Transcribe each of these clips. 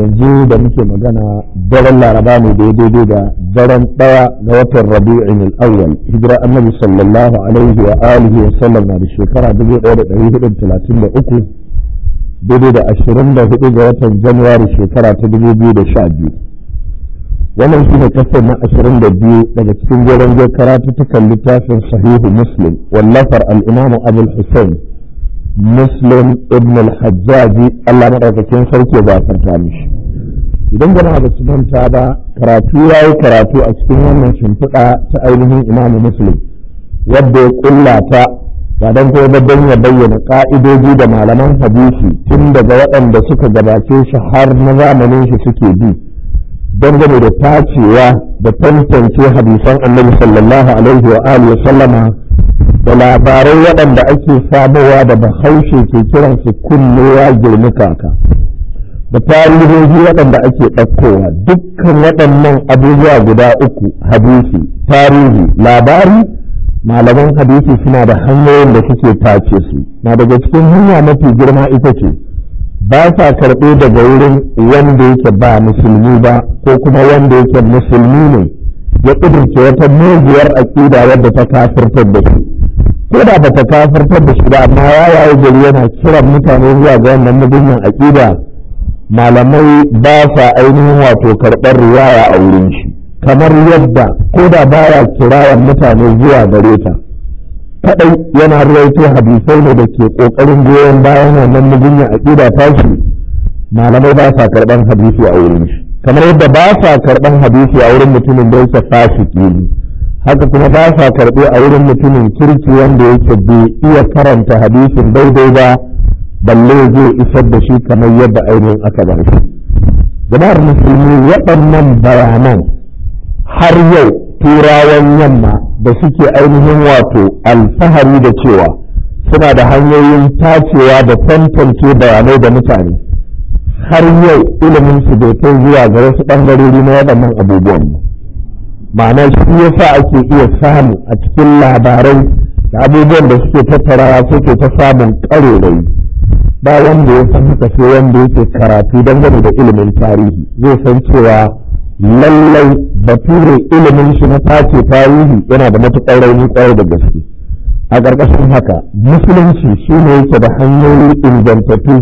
yanzu da muke magana daren laraba ne daidai da daren ɗaya ga watan rabi'in al'awwal hijira annabi sallallahu alaihi wa alihi wa sallam na da shekara 1433 daidai da 24 ga watan januwari shekara ta 2012 wannan shi ne kasar na 22 daga cikin goron karatu ta littafin sahihu muslim wallafar al'imamu abul hussein muslim ibn al-hajjaji Allah madaukakin sarki ya gafarta idan jama'a da su manta ba karatu ya yi karatu a cikin wannan shimfiɗa ta ainihin imamu muslim wadda ya kulla ta ba don kuma babban ya bayyana ka'idoji da malaman hadisi tun daga waɗanda suka gabace shi har na zamanin shi suke bi dangane da tacewa da tantance hadisan annabi sallallahu alaihi wa alihi sallama da labarai waɗanda ake samowa da bahaushe ke kiran su kunnewa kaka da tarihohi waɗanda ake ɗaukowa dukkan waɗannan abubuwa guda uku hadisi tarihi labari malaman hadisi suna da hanyoyin da suke tace su na daga cikin hanya mafi girma ita ce ba sa karɓe daga wurin wanda yake ba musulmi ba ko kuma wanda yake musulmi ne ya ƙudurce wata muguwar aƙida wadda ta kafirtar da su ko da bata kafirtar da shi ba amma ya yayi gari yana kiran mutane zuwa ga wannan mugunan aqida malamai ba sa ainihin wato karɓar riwaya a wurin shi kamar yadda ko da baya kirayen mutane zuwa gare ta kadai yana ruwaito hadisai ne da ke kokarin goyon bayan wannan mugunya aqida tashi malamai ba sa karban hadisi a wurin shi kamar yadda ba sa karban hadisi a wurin mutumin da yake fasiki haka kuma ba sa karɓe a wurin mutumin kirki wanda yake bai iya karanta hadisin daidai ba balle zai isar da shi kamar yadda ainihin aka ba shi jama'ar musulmi waɗannan bayanan har yau turawan yamma da suke ainihin wato alfahari da cewa suna da hanyoyin tacewa da tantance bayanai da mutane har yau ilimin su bai kai zuwa ga wasu ɓangarori na waɗannan abubuwan ma'ana shi yasa ake iya samu a cikin labarai da abubuwan da suke tattarawa suke ta samun karorai ba wanda ya san haka sai wanda yake karatu gani da ilimin tarihi zai san cewa lallai bature ilimin shi na tace tarihi yana da matuƙar rauni kwarai da gaske a ƙarƙashin haka musulunci shi ne yake da hanyoyi ingantattu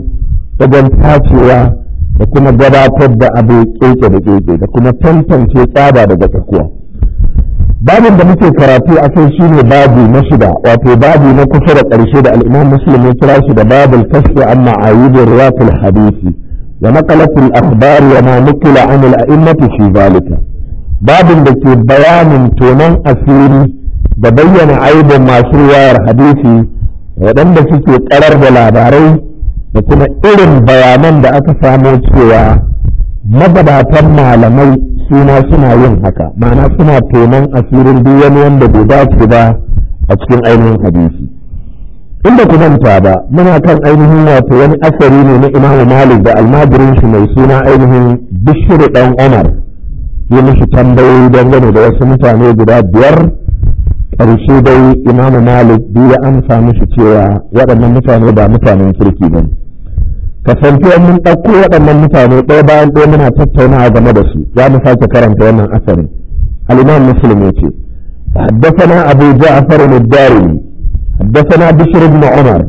wajen tacewa da kuma gabatar da abin keke da keke da kuma tantance tsada daga tsakuwa babin da muke karatu a kai shine babu na shida wato babu na kusa da ƙarshe da al'imam muslim kira shi da babul kasfi amma ayyubin ruwatul hadisi wa naqalatul akhbar wa ma nukila an al-a'immati fi zalika babin da ke bayanin tonon asiri da bayyana aibin masu riwayar hadisi waɗanda suke karar da labarai da kuma irin bayanan da aka samo cewa magabatan malamai suna suna yin haka ma'ana suna tonon asirin duk wani wanda bai dace ba a cikin ainihin hadisi inda ku manta ba muna kan ainihin wato wani asari ne na imamu malik da almajirin shi mai suna ainihin bishiru dan umar yi mishi tambayoyi dangane da wasu mutane guda biyar ƙarshe dai imamu malik duk ya amsa mishi cewa waɗannan mutane ba mutanen kirki ba ne kasantuwar mun ɗauko waɗannan mutane ɗaya bayan ɗaya muna tattaunawa game da su za mu sake karanta wannan asarin al'imam muslim ya حدثنا أبو جعفر الدارمي حدثنا بشر بن عمر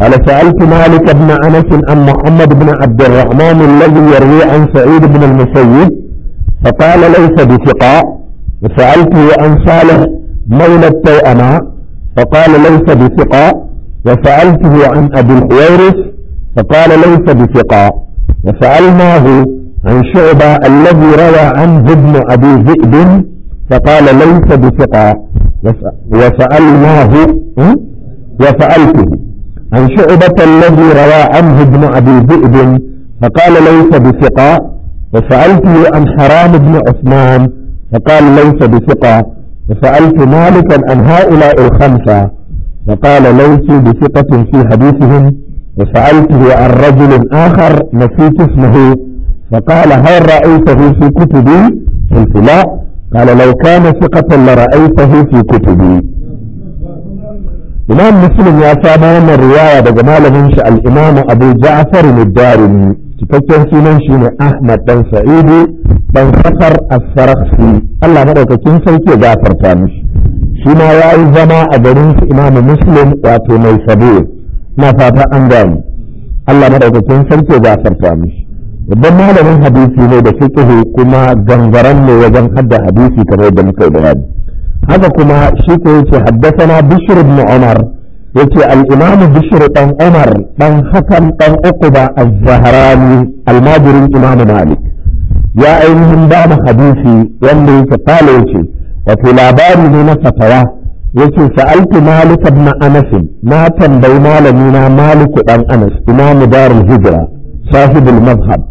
قال سألت مالك بن أنس عن محمد بن عبد الرحمن الذي يروي عن سعيد بن المسيب فقال ليس بثقة وسألته عن صالح مولى التوأمة فقال ليس بثقة وسألته عن أبي الحويرث فقال ليس بثقة وسألناه عن شعبة الذي روى عنه ابن أبي ذئب فقال ليس بثقة وسألناه وسألته عن شعبة الذي روى عنه ابن أبي ذئب فقال ليس بثقة وسألته عن حرام بن عثمان فقال ليس بثقة وسألت مالكا عن هؤلاء الخمسة فقال ليس بثقة في حديثهم وسألته عن رجل آخر نسيت اسمه فقال هل رأيته في كتبي قلت لا قال لو كان ثقة لرأيته في كتبي إمام مسلم يا سامان الرواية بجمال منشا الإمام أبو جعفر الدارمي تكتن في منشأ أحمد بن سعيد بن خطر السرخسي الله مرة تكتن سيكي جعفر تامش فيما رأي زمان أبو في إمام مسلم واتو ميسبيل na fata an gani Allah madaukakin sarki ya farta mishi babban malamin hadisi ne da fiqhu kuma zangaran ne wajen hadda hadisi kamar da muka bayani haka kuma shi ko haddasa haddathana bishr ibn umar yace al-imam bishr dan umar dan hakan dan uquba az-zahrani al-majrin imam malik ya ainihin ba hadisi wanda yake kale yace wato labari ne na fatawa yake sa'altu malik ibn anas na tambayi malami na malik dan anas imam darul hijra sahibul mazhab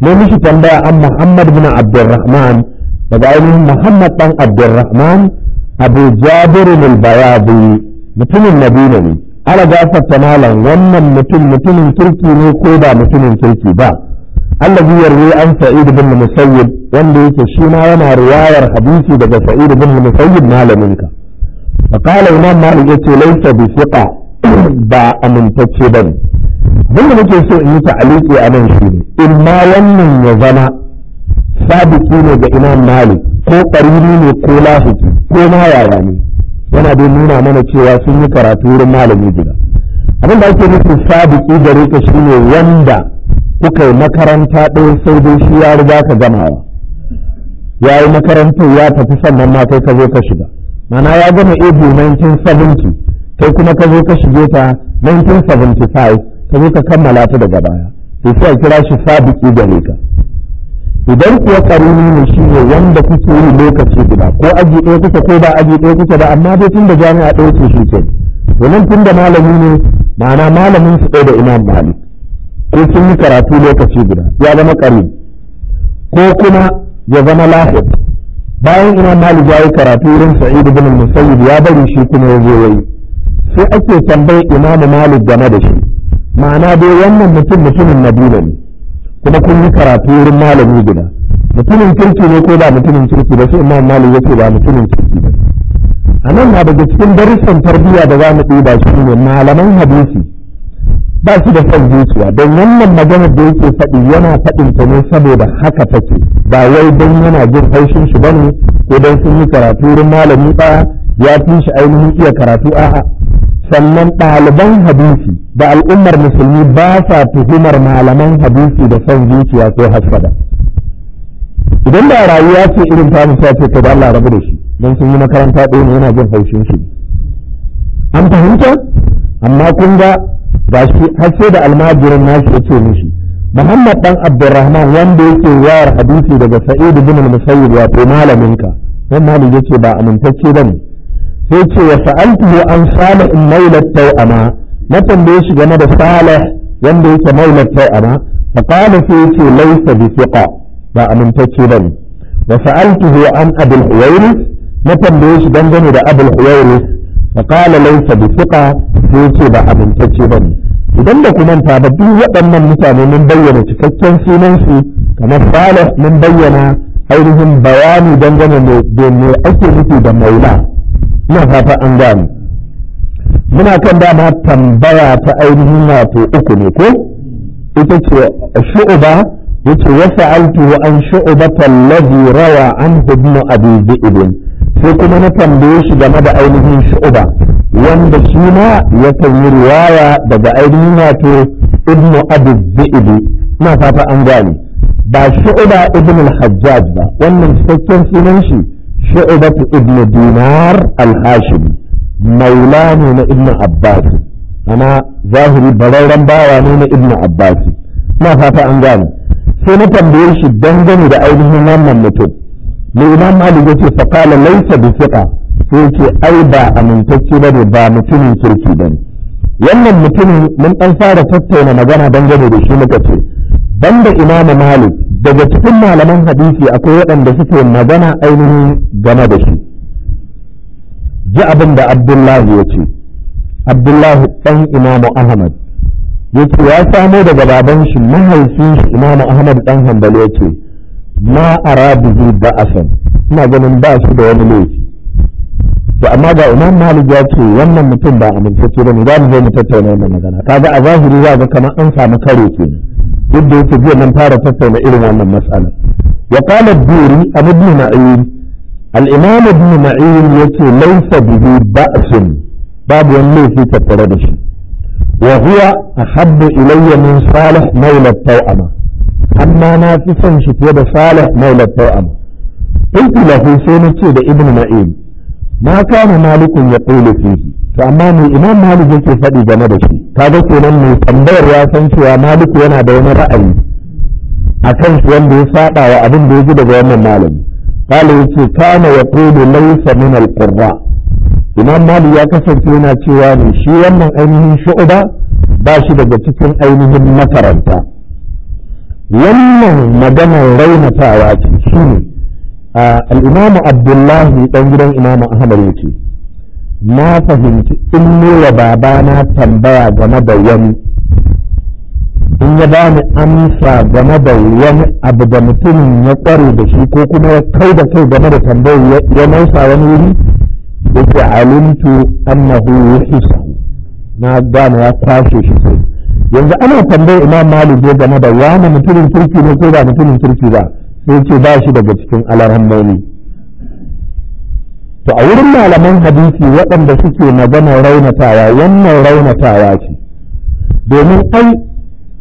ne mishi tambaya an muhammad ibn abdurrahman daga ainihin muhammad dan abdurrahman abu jabir al bayadi mutumin madina ne ala gafarta malam wannan mutum mutumin kirki ne ko ba mutumin kirki ba allazi yarwi an sa'id ibn musayyib wanda yake shi ma yana riwayar hadisi daga sa'id ibn musayyib malaminka فقال إمام مالك يتي ليس بثقة ba amintacce ba abin da nake so in yi ta'aliki a nan shi ne in ma wannan ya zama sabiki ne ga imam malik ko ƙariri ne ko lahiki ko ma yaya ne yana dai nuna mana cewa sun yi karatu wurin malami gida abin da ake nufi sabiki gare ka shi wanda kuka yi makaranta ɗaya sai dai shi ya riga ka gamawa ya yi makarantar ya tafi sannan ma kai ka zo ka shiga mana ya gama ebo 1970 kai kuma ka zo ka shige ta 1975 ka zo ka kammala ta daga baya to sai a kira shi sabiki gare ka idan kuwa karuni ne shi ne wanda kuke yi lokaci guda ko aji ɗaya kuka ko ba aji ɗaya kuka ba amma dai tun da jami'a ɗaya ce shi ke domin tun da malami ne ma'ana malamin su ɗaya da imam malik ko sun yi karatu lokaci guda ya zama ƙari ko kuma ya zama lahir bayan imam malik ya yi karatu irin sa'id ibn musayyib ya bari shi kuma ya zo yayi sai ake tambayar imam malik game da shi ma'ana dai wannan mutum mutumin nabila ne kuma kun yi karatu wurin malami guda mutumin kirki ne ko ba mutumin kirki ba sai imam malik yake ba mutumin kirki ba a nan na daga cikin darussan tarbiyya da za mu ɗiba shi ne malaman hadisi ba shi da son zuciya don wannan maganar da yake faɗi yana faɗin ta ne saboda haka take ba wai don yana jin haushin shi bane ko don sun yi karatu wurin malami ba ya fi shi ainihin iya karatu a'a sannan ɗaliban hadisi da al'ummar musulmi ba sa tuhumar malaman hadisi da son zuciya ko hasada idan da rayuwa ce irin ta musa ce ko da Allah rabu da shi don sun yi makaranta ɗaya ne yana jin haushin shi an fahimta amma kun ga ga shi har da almajirin nashi yace mishi Muhammad dan Abdurrahman wanda yake wayar hadisi daga Sa'id ibn al-Musayyib wato malaminka dan Malik yace ba amintacce bane sai ce wa sa'altuhu an Salih maula tau'ama na tambaye shi game da Salih wanda yake maula tau'ama fa qala sai yace laysa bi thiqa ba amintacce bane wa sa'altuhu an Abul Huwairis na tambaye shi dangane da Abul Huwairis fa qala laysa bi thiqa sai ce ba amintacce ba ne idan da ku manta ba duk waɗannan mutane mun bayyana cikakken sunansu kamar fala mun bayyana ainihin bayani dangane da me ake nufi da maula ina fata an gane muna kan dama tambaya ta ainihin wato uku ne ko ita ce shu'uba yace wa sa'altu an shu'ubata alladhi rawa an ibn abi zaid sai kuma na tambaye shi game da ainihin shu'uba wanda shi ma ya yi riwaya daga ainihin wato ibnu abu za'idu na fata an gane ba shu'uba ibn al-hajjaj ba wannan cikakken sunan shi shu'uba ibn dinar al-hashimi maula ne na ibn abbas ana zahiri bararren bawa ne na ibn abbas na fata an gane sai na tambaye shi dangane da ainihin wannan mutum mai imam malik yace fa qala laysa bi sai ce ai ba amintacce ba ne ba mutumin kirki ba ne wannan mutumin mun ɗan fara tattauna magana dangane da shi muka ce banda imamu malik daga cikin malaman hadisi akwai waɗanda suke magana ainihin game da shi ji abin da abdullahi ya ce abdullahi ɗan imamu ahmad ya ce ya samo daga baban shi mahaifin shi imamu ahmad ɗan hanbal ya ce ma arabihi ba'asan ina ganin ba shi da wani laifi to amma ga imam malik ya ce wannan mutum ba amintacce ba da za mu zo mu tattauna wannan magana kaga a zahiri za ga kamar an samu karo ke duk da yake jiya nan fara tattauna irin wannan matsalar wa qala duri abu ibn ma'in al-imam ibn ma'in yace laysa bihi ba'sun babu wani laifi tattare da shi wa huwa ahabbu ilayya min salih mawla tawama amma na fi son shi fiye da salih mawla tawama قلت ce da ibn ma'in ma kana malikun ya ƙule fihi to amma mai imam malik yake faɗi game da shi ga kenan mai tambayar ya san cewa maliku yana da wani ra'ayi a kan shi wanda ya saɗawa wa abin da ya ji daga wannan malami kala ya ce kana ya ƙole laisa min alƙurra imam malik ya kasance yana cewa ne shi wannan ainihin shu'uba ba shi daga cikin ainihin makaranta wannan maganar raunatawa ce shi ne al'imamu abdullahi ɗan gidan imamu ahmad yake na fahimci in nura babana tambaya game da wani in ya bani amsa game da wani abu da mutumin ya kware da shi ko kuma ya kai da kai game da tambayar ya nausa wani wuri ke alimtu annahu yuhisahu na gane ya kwashe shi kai yanzu ana tambayar imam malik game da wani mutumin kirki ne ko ba mutumin kirki ba sai ce ba shi daga cikin alarhammoni to a wurin malaman hadisi waɗanda suke maganar raunatawa wannan raunatawa ce domin ai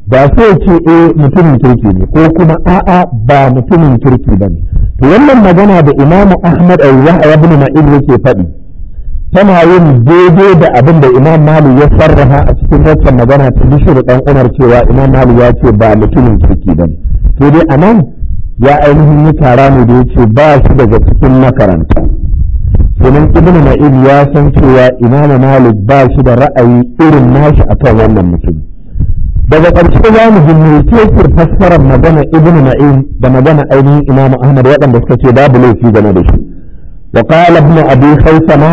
ba sai ce e mutumin kirki ne ko kuma a'a ba mutumin kirki ba ne to wannan magana da imamu ahmad al-yahya ibn ma'in yake faɗi tana yin daidai da abin da imam malik ya farraha a cikin waccan magana ta bishir ɗan umar cewa imam malik ya ce ba mutumin kirki ba ne to dai nan. ya ainihin yi tara ne da yake ba shi daga cikin makaranta sunan ibn ma'id ya san cewa imam malik ba shi da ra'ayi irin nashi kan wannan mutum daga ƙarshe za mu ji su fassarar magana ibn ma'id da magana ainihin imam ahmad waɗanda suka ce babu laifi game da shi wa qala ibn abi khaysama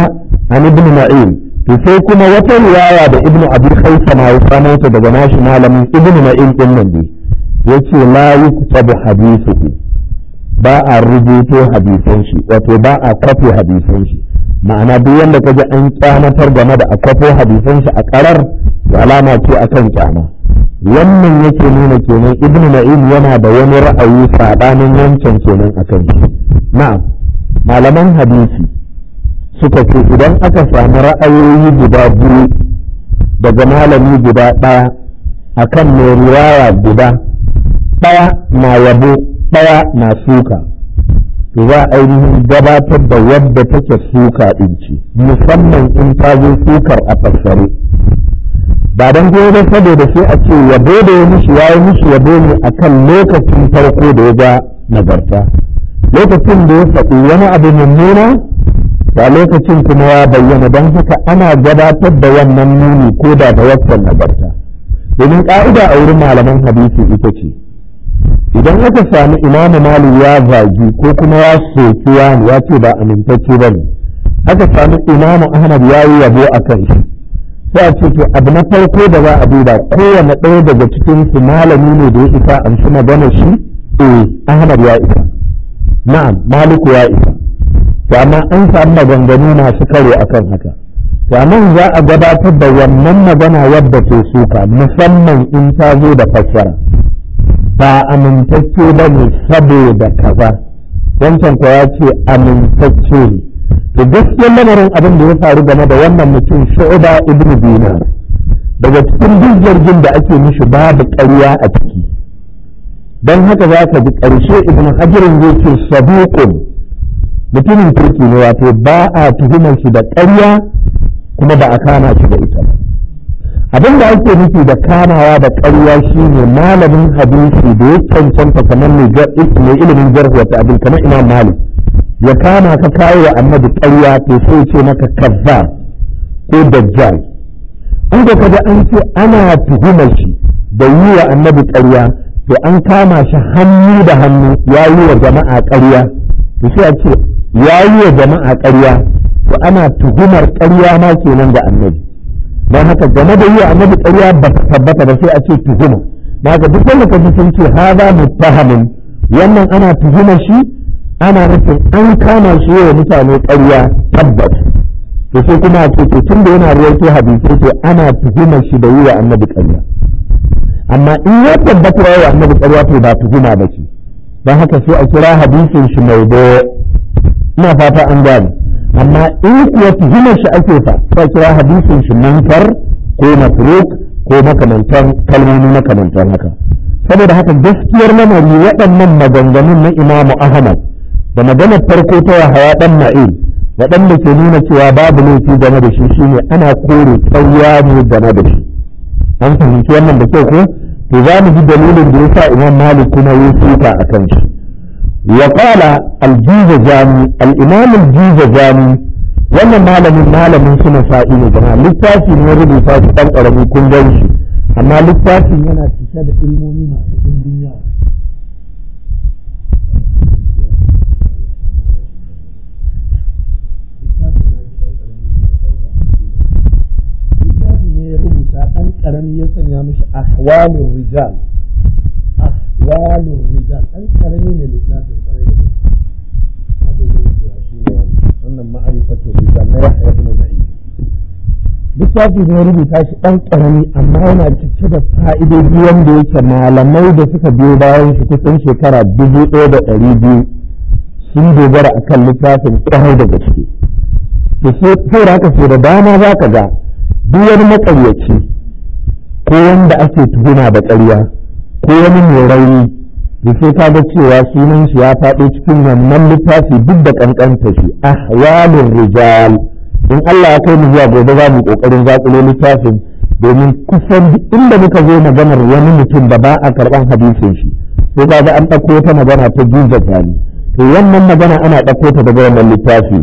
an ibn ma'id to sai kuma wata riwaya da ibn abi khaysama ya samo ta daga nashi malamin ibn ma'id din nan yace ma hadisu hadithuhu ba a rubuto hadisan shi wato ba a kafe hadisan ma'ana duk wanda kaji an kyamatar game da a kafo hadisan a karar alama ce akan kyama wannan yake nuna kenan ibn na'im yana da wani ra'ayi sabanin wancan kenan akan shi na'am malaman hadisi suka ce idan aka samu ra'ayoyi guda biyu daga malami guda ɗaya akan mai riwaya guda ɗaya na yabo ɗaya na suka to za a ainihin gabatar da wadda take suka ɗin ce musamman in ta zo sukar a fassare ba don gobe ba saboda sai a ce yabo da ya mishi ya yi musu yabo ne a kan lokacin farko da ya ga nagarta lokacin da ya faɗi wani abu mummuna ba lokacin kuma ya bayyana don haka ana gabatar da wannan nuni ko da ta wasan nagarta domin ƙa'ida a wurin malaman hadisi ita ce idan aka sami imamu malik ya zagi ko kuma ya soki wani ya ce ba amintacce ba ne aka sami imamu ahmad ya yi yabo a kan shi sai a ce to abu na farko da za a duba kowane ɗaya daga cikin su malami ne da ya isa an shi magana shi eh ahmad ya isa na'am maliku ya isa to amma an sami maganganu masu karo akan haka to nan za a gabatar da wannan magana wadda ke suka musamman in ta zo da fassara ba amintacce ba ne saboda kaza wancan kuwa ya ce amintacce ne to gaskiyar lamarin abin da ya faru game da wannan mutum shu'uba ibn dinar daga cikin jirgin da ake mishi babu ƙarya a ciki don haka za ka ji ƙarshe ibn hajarin zai ce sabuqun mutumin kirki ne wato ba a tuhumar shi da ƙarya kuma ba a kama shi da ita abin da ake nufi da kamawa da karya shine malamin hadisi da ya cancanta kamar mai ilimin jarhu wata abin kamar imam malik ya kama ka kawo wa annabi karya to sai ce maka kazza ko dajjal inda ka kaga an ce ana tuhumar shi da yi wa annabi karya to an kama shi hannu da hannu ya yi wa jama'a ƙarya to sai a ce ya yi wa jama'a karya to ana tuhumar karya ma kenan da annabi don haka game da yi annabi ƙarya ba ta tabbata ba sai a ce tuhuma da haka duk wanda ka sun ce haza mutahamin wannan ana tuhuma shi ana nufin an kama shi wa mutane ƙarya tabbas to sai kuma a ce tun da yana ruwaito hadisi to ana tuhuma shi da yi wa annabi ƙarya amma in ya tabbata wa annabi ƙarya to ba tuhuma ba ce don haka sai a kira hadisin shi mai ina fata an gane amma in kuwa tuhumar shi ake fa ta kira hadisin shi mankar ko mafruk ko makamantan kalmomi makamantan haka saboda haka gaskiyar lamari waɗannan maganganun na imamu ahmad da maganar farko ta yahaya dan ma'il waɗanda ke nuna cewa babu laifi game da shi shine ana kore tsawwa ne game da shi an fahimci wannan da kyau ko to za mu ji dalilin da yasa imam malik kuma ya suka akan shi وقال الجيزة الجيزجاني الامام الجيزجاني وانا مالمي مالمي سنة فائنة جنا لكتاتي نوري لكتاتي تنقى ربي كن جنش اما لكتاتي ينا تشاد علموني من تكون دنيا لكتاتي نوري لكتاتي نوري لكتاتي نوري لكتاتي نوري rijalun rijal an karami ne littafin kwarai da gaske a dogon cewa shi ne wani wannan ma'arifatu rijal na yahya ibn ma'in littafi ne rubuta shi ɗan ƙarami amma yana cike da fa'idodi wanda yake malamai da suka biyo bayan shi kusan shekara dubu ɗaya da ɗari biyu sun dogara a kan littafin ƙwarai da gaske to sai da haka sai da dama za ka ga duk wani maƙaryaci ko wanda ake tuhuma da ƙarya ko wani mai rauni da sai ka ga cewa sunan shi ya faɗo cikin wannan littafi duk da kankanta shi ahwalur rijal in Allah ya kai mu zuwa gobe za mu kokarin zakulo littafin domin kusan inda muka zo maganar wani mutum da ba a karban hadisin shi ko ka ga an ɗauko ta magana ta jinja tani to wannan magana ana ɗauko ta daga wannan littafi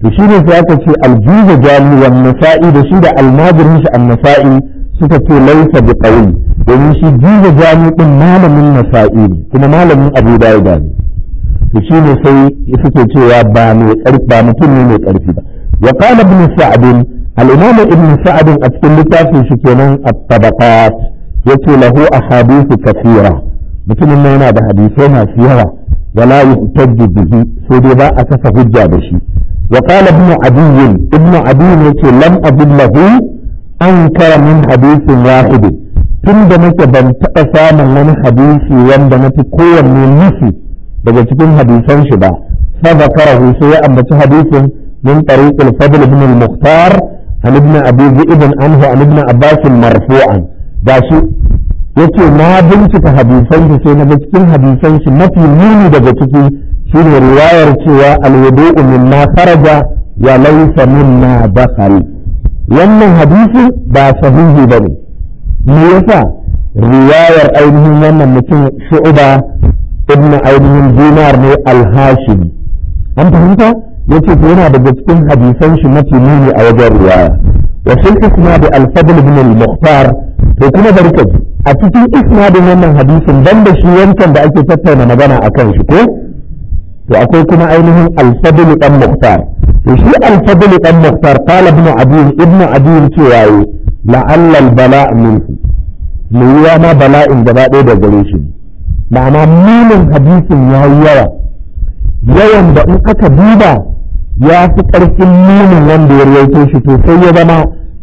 to shi ne sai ce aljuza jali wan nasa'i da shi da almajirin shi an nasa'i suka ce laisa bi qawli domin shi jiza jami ɗin malamin nasa'i ne kuma malamin abu dawuda ne to shi ne sai suke cewa ba mai karfi ba mutum ne mai karfi ba wa qala ibn sa'd al-imam ibn sa'd a cikin littafin shi kenan at-tabaqat yace lahu ahadithu kathira mutumin nan yana da hadisai masu yawa wala yuhtajju bihi sai dai ba a kasa hujja da shi wa qala ibn adiy ibn adiy yace lam adillahu ankara min hadithin wahidin tun da nake ban taɓa samun wani hadisi wanda na fi kowanne nufi daga cikin hadisan shi ba fa sai ya ambaci hadisin min tariq al-fadl ibn al-mukhtar an ibn abi zaid anhu an ibn abbas marfu'an gashi yace na bincika hadisan shi sai na ga cikin hadisan shi mafi muni daga ciki shine riwayar cewa al-wudu'u mimma kharaja wa laysa mimma dakhal wannan hadisi ba sahihi bane me yasa riwayar ainihin wannan mutum shu'uba ibn ainihin dinar ne alhashimi an fahimta yace ta yana daga cikin hadisan shi mafi muni a wajen riwaya wa fil isnad al-fadl ibn al to kuma barkaji a cikin isnadin wannan hadisin ban da shi wancan da ake tattauna magana akan shi ko to akwai kuma ainihin al-fadl dan mukhtar to shi al-fadl dan mukhtar qala ibn abi ibn abi cewa la'allal bala min mai yiwa ma bala'in gaba ɗaya da gare shi ma'ana munin hadisin ya yi yawa yawan da in aka duba ya fi ƙarfin munin wanda ya rawaito shi to sai ya zama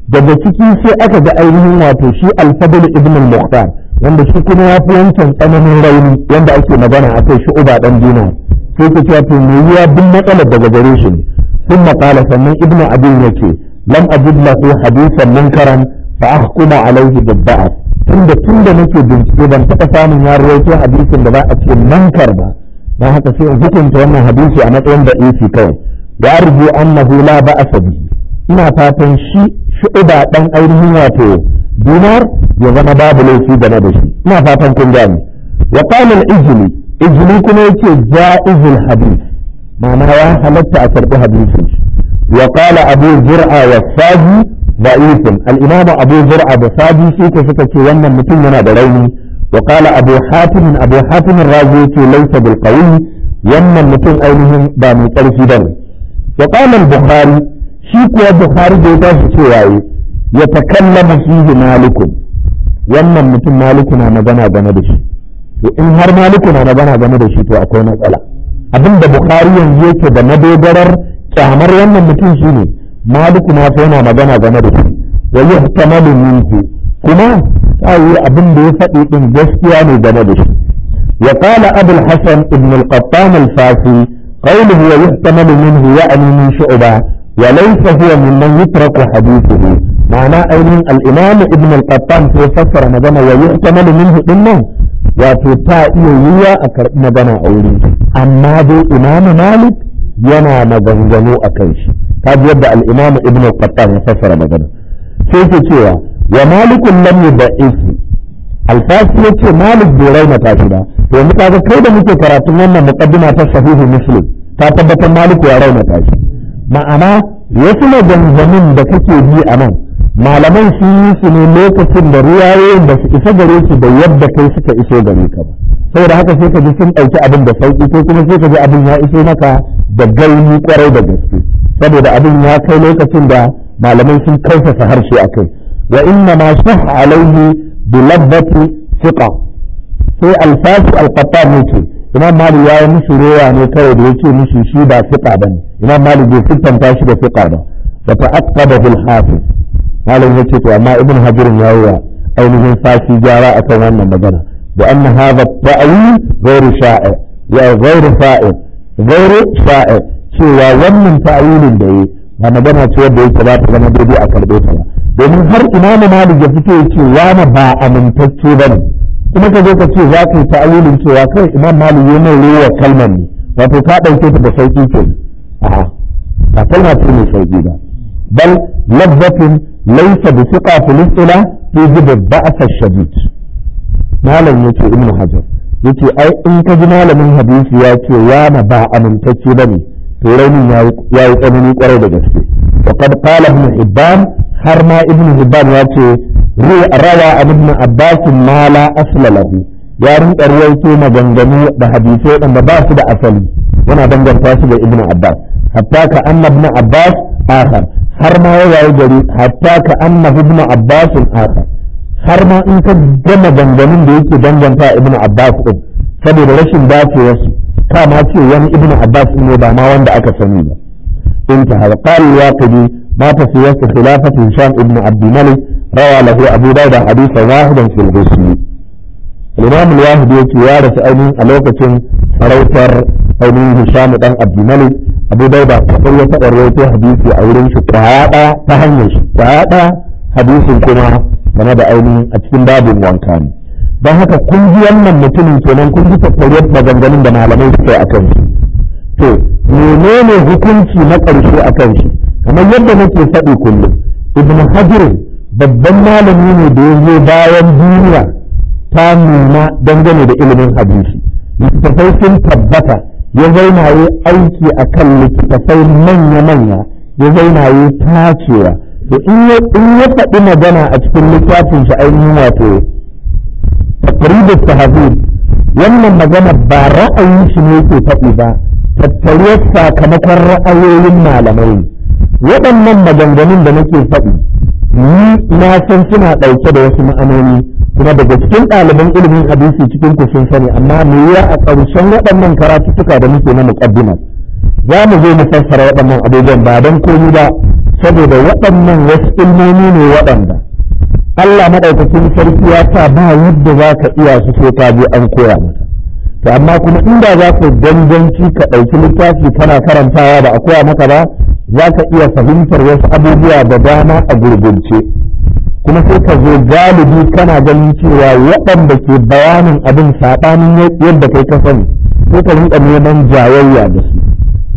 daga ciki sai aka ga ainihin wato shi alfadul ibn al wanda shi kuma ya fi wancan tsananin rauni wanda ake magana a kai shi uba dan dina sai ka cewa to mai duk matsalar daga gare shi sun maƙala sannan ibn abin yake lam ajid lahu hadithan munkaran fa ahkuma alaihi bidda'at tunda tunda nake bincike ban taɓa samun ya rawaito hadisin da ba a ce munkar ba dan haka sai in hukunta wannan hadisi a matsayin da isi kawai da arju annahu la ba'sa bihi ina fatan shi shu'uba dan ainihin wato dinar ya zama babu laifi na da shi ina fatan kun gane wa qala al-ijli ijli kuma yake ja'izul hadith ma'ana ya halatta a karbi hadisin وقال أبو زرعة والصادي ضعيف الإمام أبو زرعة والصادي شيك شكك وانا متننا دريني وقال أبو حاتم أبو حاتم الرازي ليس بالقوي وانا متن أينهم بامي قلسي دل وقال البخاري شيك البخاري جيتاش سواي يتكلم فيه مالك وانا متن مالكنا نبنا بندش وإن هر مالكنا نبنا بندش تو أكون أسألة abin da Bukhari yanzu yake da madogarar kamar wannan mutum shi ne maliku na ta yana magana game da shi wa yuhtamalu minhu kuma sai abin da ya fadi din gaskiya ne game da shi wa qala abul hasan ibn al-qattan al-fasi qawluhu wa yahtamalu minhu ya ani min shu'ba wa laysa huwa min man yutraku hadithuhu ma'ana ainihin al-imam ibn al-qattan sai fassara magana wa yahtamalu minhu din nan wato ta iya yiwa a karɓi magana a wurin amma dai imam malik yana maganganu a kan shi yadda al ibnu ibn al-qattan ya fassara magana sai ke cewa wa malikun lam yudaifu alfasi ya ce malik bai ta shi ba to yanzu ga kai da muke karatun wannan muqaddima ta sahihu muslim ta tabbatar maliku ya raunata shi ma'ana wasu maganganun da kake bi a nan malaman sun yi su ne lokacin da ruwayoyin da su isa gare su da yadda kai suka iso gare ka ba saboda haka sai ka ji sun ɗauki abin da sauƙi ko kuma sai ka ji abin ya iso maka da gauni kwarai da gaske saboda abin ya kai lokacin da malamai sun kaifasa harshe a kai wa inna ma sah alaihi bi labbati fiqa sai alfasu alqattan yake imam malik ya yi musu rowa ne kawai da yake musu shi ba fiqa bane imam malik bai siffanta shi da fiqa ba fa ta'aqqabahu al-hafiz malam yace to amma ibn hajar ya yi ainihin fashi gyara akan wannan magana da anna hadha at-ta'wil ghairu sha'i ya ghairu fa'id gauru fa'il cewa wannan fa'ilin da yi ba magana ce wadda yake ba ta zama daidai a karbe ta domin har imamu malik ya fito ya ce wani ba amintacce ba ne kuma ka zo ka ce za ka yi ta'alilin cewa kai imam mali ya mai rewa kalmar ne wato ka ɗauke ta da sauƙi ke a'a ba kalma ce mai sauƙi ba bal labbatin laisa bi fiqa filistila fi jibi ba'sa shadid malam yace ibnu hajar yace ai in ka ji malamin hadisi ya ce yana ba amintacce ba ne to raunin ya yi tsanani kwarai da gaske wa kad qala ibn hibban har ma ibn hibban ya ce rawa an ibn abbas ma la asla lahu ya rinka ruwaito maganganu da hadisai da ba su da asali yana danganta su da ibn abbas hatta ka anna ibn abbas akhar har ma ya yi gari hatta ka anna ibn abbas akhar har ma in ka gama danganin da yake danganta ibnu abbas din saboda rashin dacewa su ka ma ce wani ibnu abbas ne ba ma wanda aka sani inta in ta har qalu ta fi wasu khilafati shan ibnu abd malik rawa lahu abu dawud hadith wahidan fil husn al-imam al-wahid yake ya rasu ainihin a lokacin sarautar ainihin hisham dan abd malik abu dawud ba ya fada rawaito hadisi a wurin shi ta hanyar shi ta kuma game da ainihin a cikin babin wanka ne don haka kun ji wannan mutumin kenan kun ji tattariyar maganganun da malamai suke a kan shi to menene hukunci na ƙarshe a kan shi kamar yadda nake faɗi kullum ibn hajar babban malami ne da ya zo bayan duniya ta nuna dangane da ilimin hadisi littattafai sun tabbata ya zauna yi aiki a kan littattafai manya-manya ya zauna yi tacewa to in ya faɗi magana a cikin littafin shi ainihin wato taqribus tahzib wannan magana ba ra'ayi shi ne ke faɗi ba tattaruwar sakamakon ra'ayoyin malamai waɗannan maganganun da nake faɗi ni na san suna ɗauke da wasu ma'anoni kuma daga cikin ɗaliban ilimin hadisi cikin ku sun sani amma mu yi a ƙarshen waɗannan karatuttuka da muke na muƙaddimar za mu zo mu fassara waɗannan abubuwan ba don komi ba saboda waɗannan wasu ilmomi ne waɗanda Allah maɗaukakin sarki ya sa ba yadda za ka iya su sai ka je an koya mata to amma kuma inda za ka danganci ka ɗauki littafi kana karantawa ba a koya maka ba za ka iya fahimtar wasu abubuwa da dama a gurgunce kuma sai ka zo galibi kana ganin cewa waɗanda ke bayanin abin saɓanin yadda kai ka sani sai ka rinka neman jayayya da su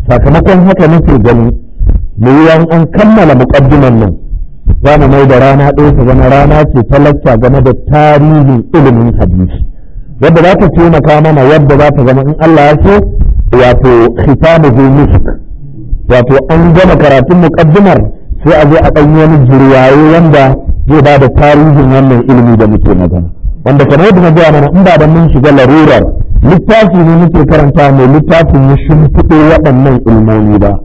sakamakon haka nake ganin yiwuwan an kammala muƙaddiman nan za mu mai da rana ɗaya ta zama rana ce ta lacca game da tarihin ilimin hadisi yadda za ta taimaka mana yadda za ta zama in Allah ya so wato hitamu zai musu wato an gama karatun muƙaddimar sai a zo a ɗanyi wani jirwaye wanda zai ba da tarihin wannan ilimi da muke magana wanda kamar yadda na gaya mana in ba da mun shiga larurar littafi ne muke karanta mai littafin ya shimfiɗo waɗannan ilimomi ba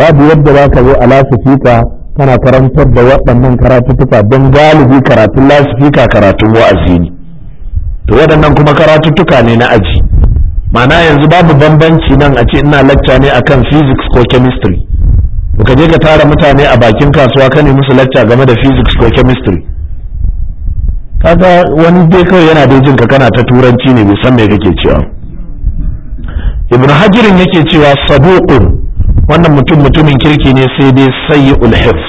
babu yadda za ka zo a lasifika kana karantar da waɗannan karatuttuka don galibi karatun lasifika karatun wa'azi ne to waɗannan kuma karatuttuka ne na aji mana yanzu babu bambanci nan a ce ina lacca ne akan physics ko chemistry to ka je ka tara mutane a bakin kasuwa ka ne musu lacca game da physics ko chemistry kaga wani dai kawai yana dai jin kana ta turanci ne bai san me kake cewa ibn hajirin yake cewa saduqun wannan mutum mutumin kirki ne sai dai sayi ulhirs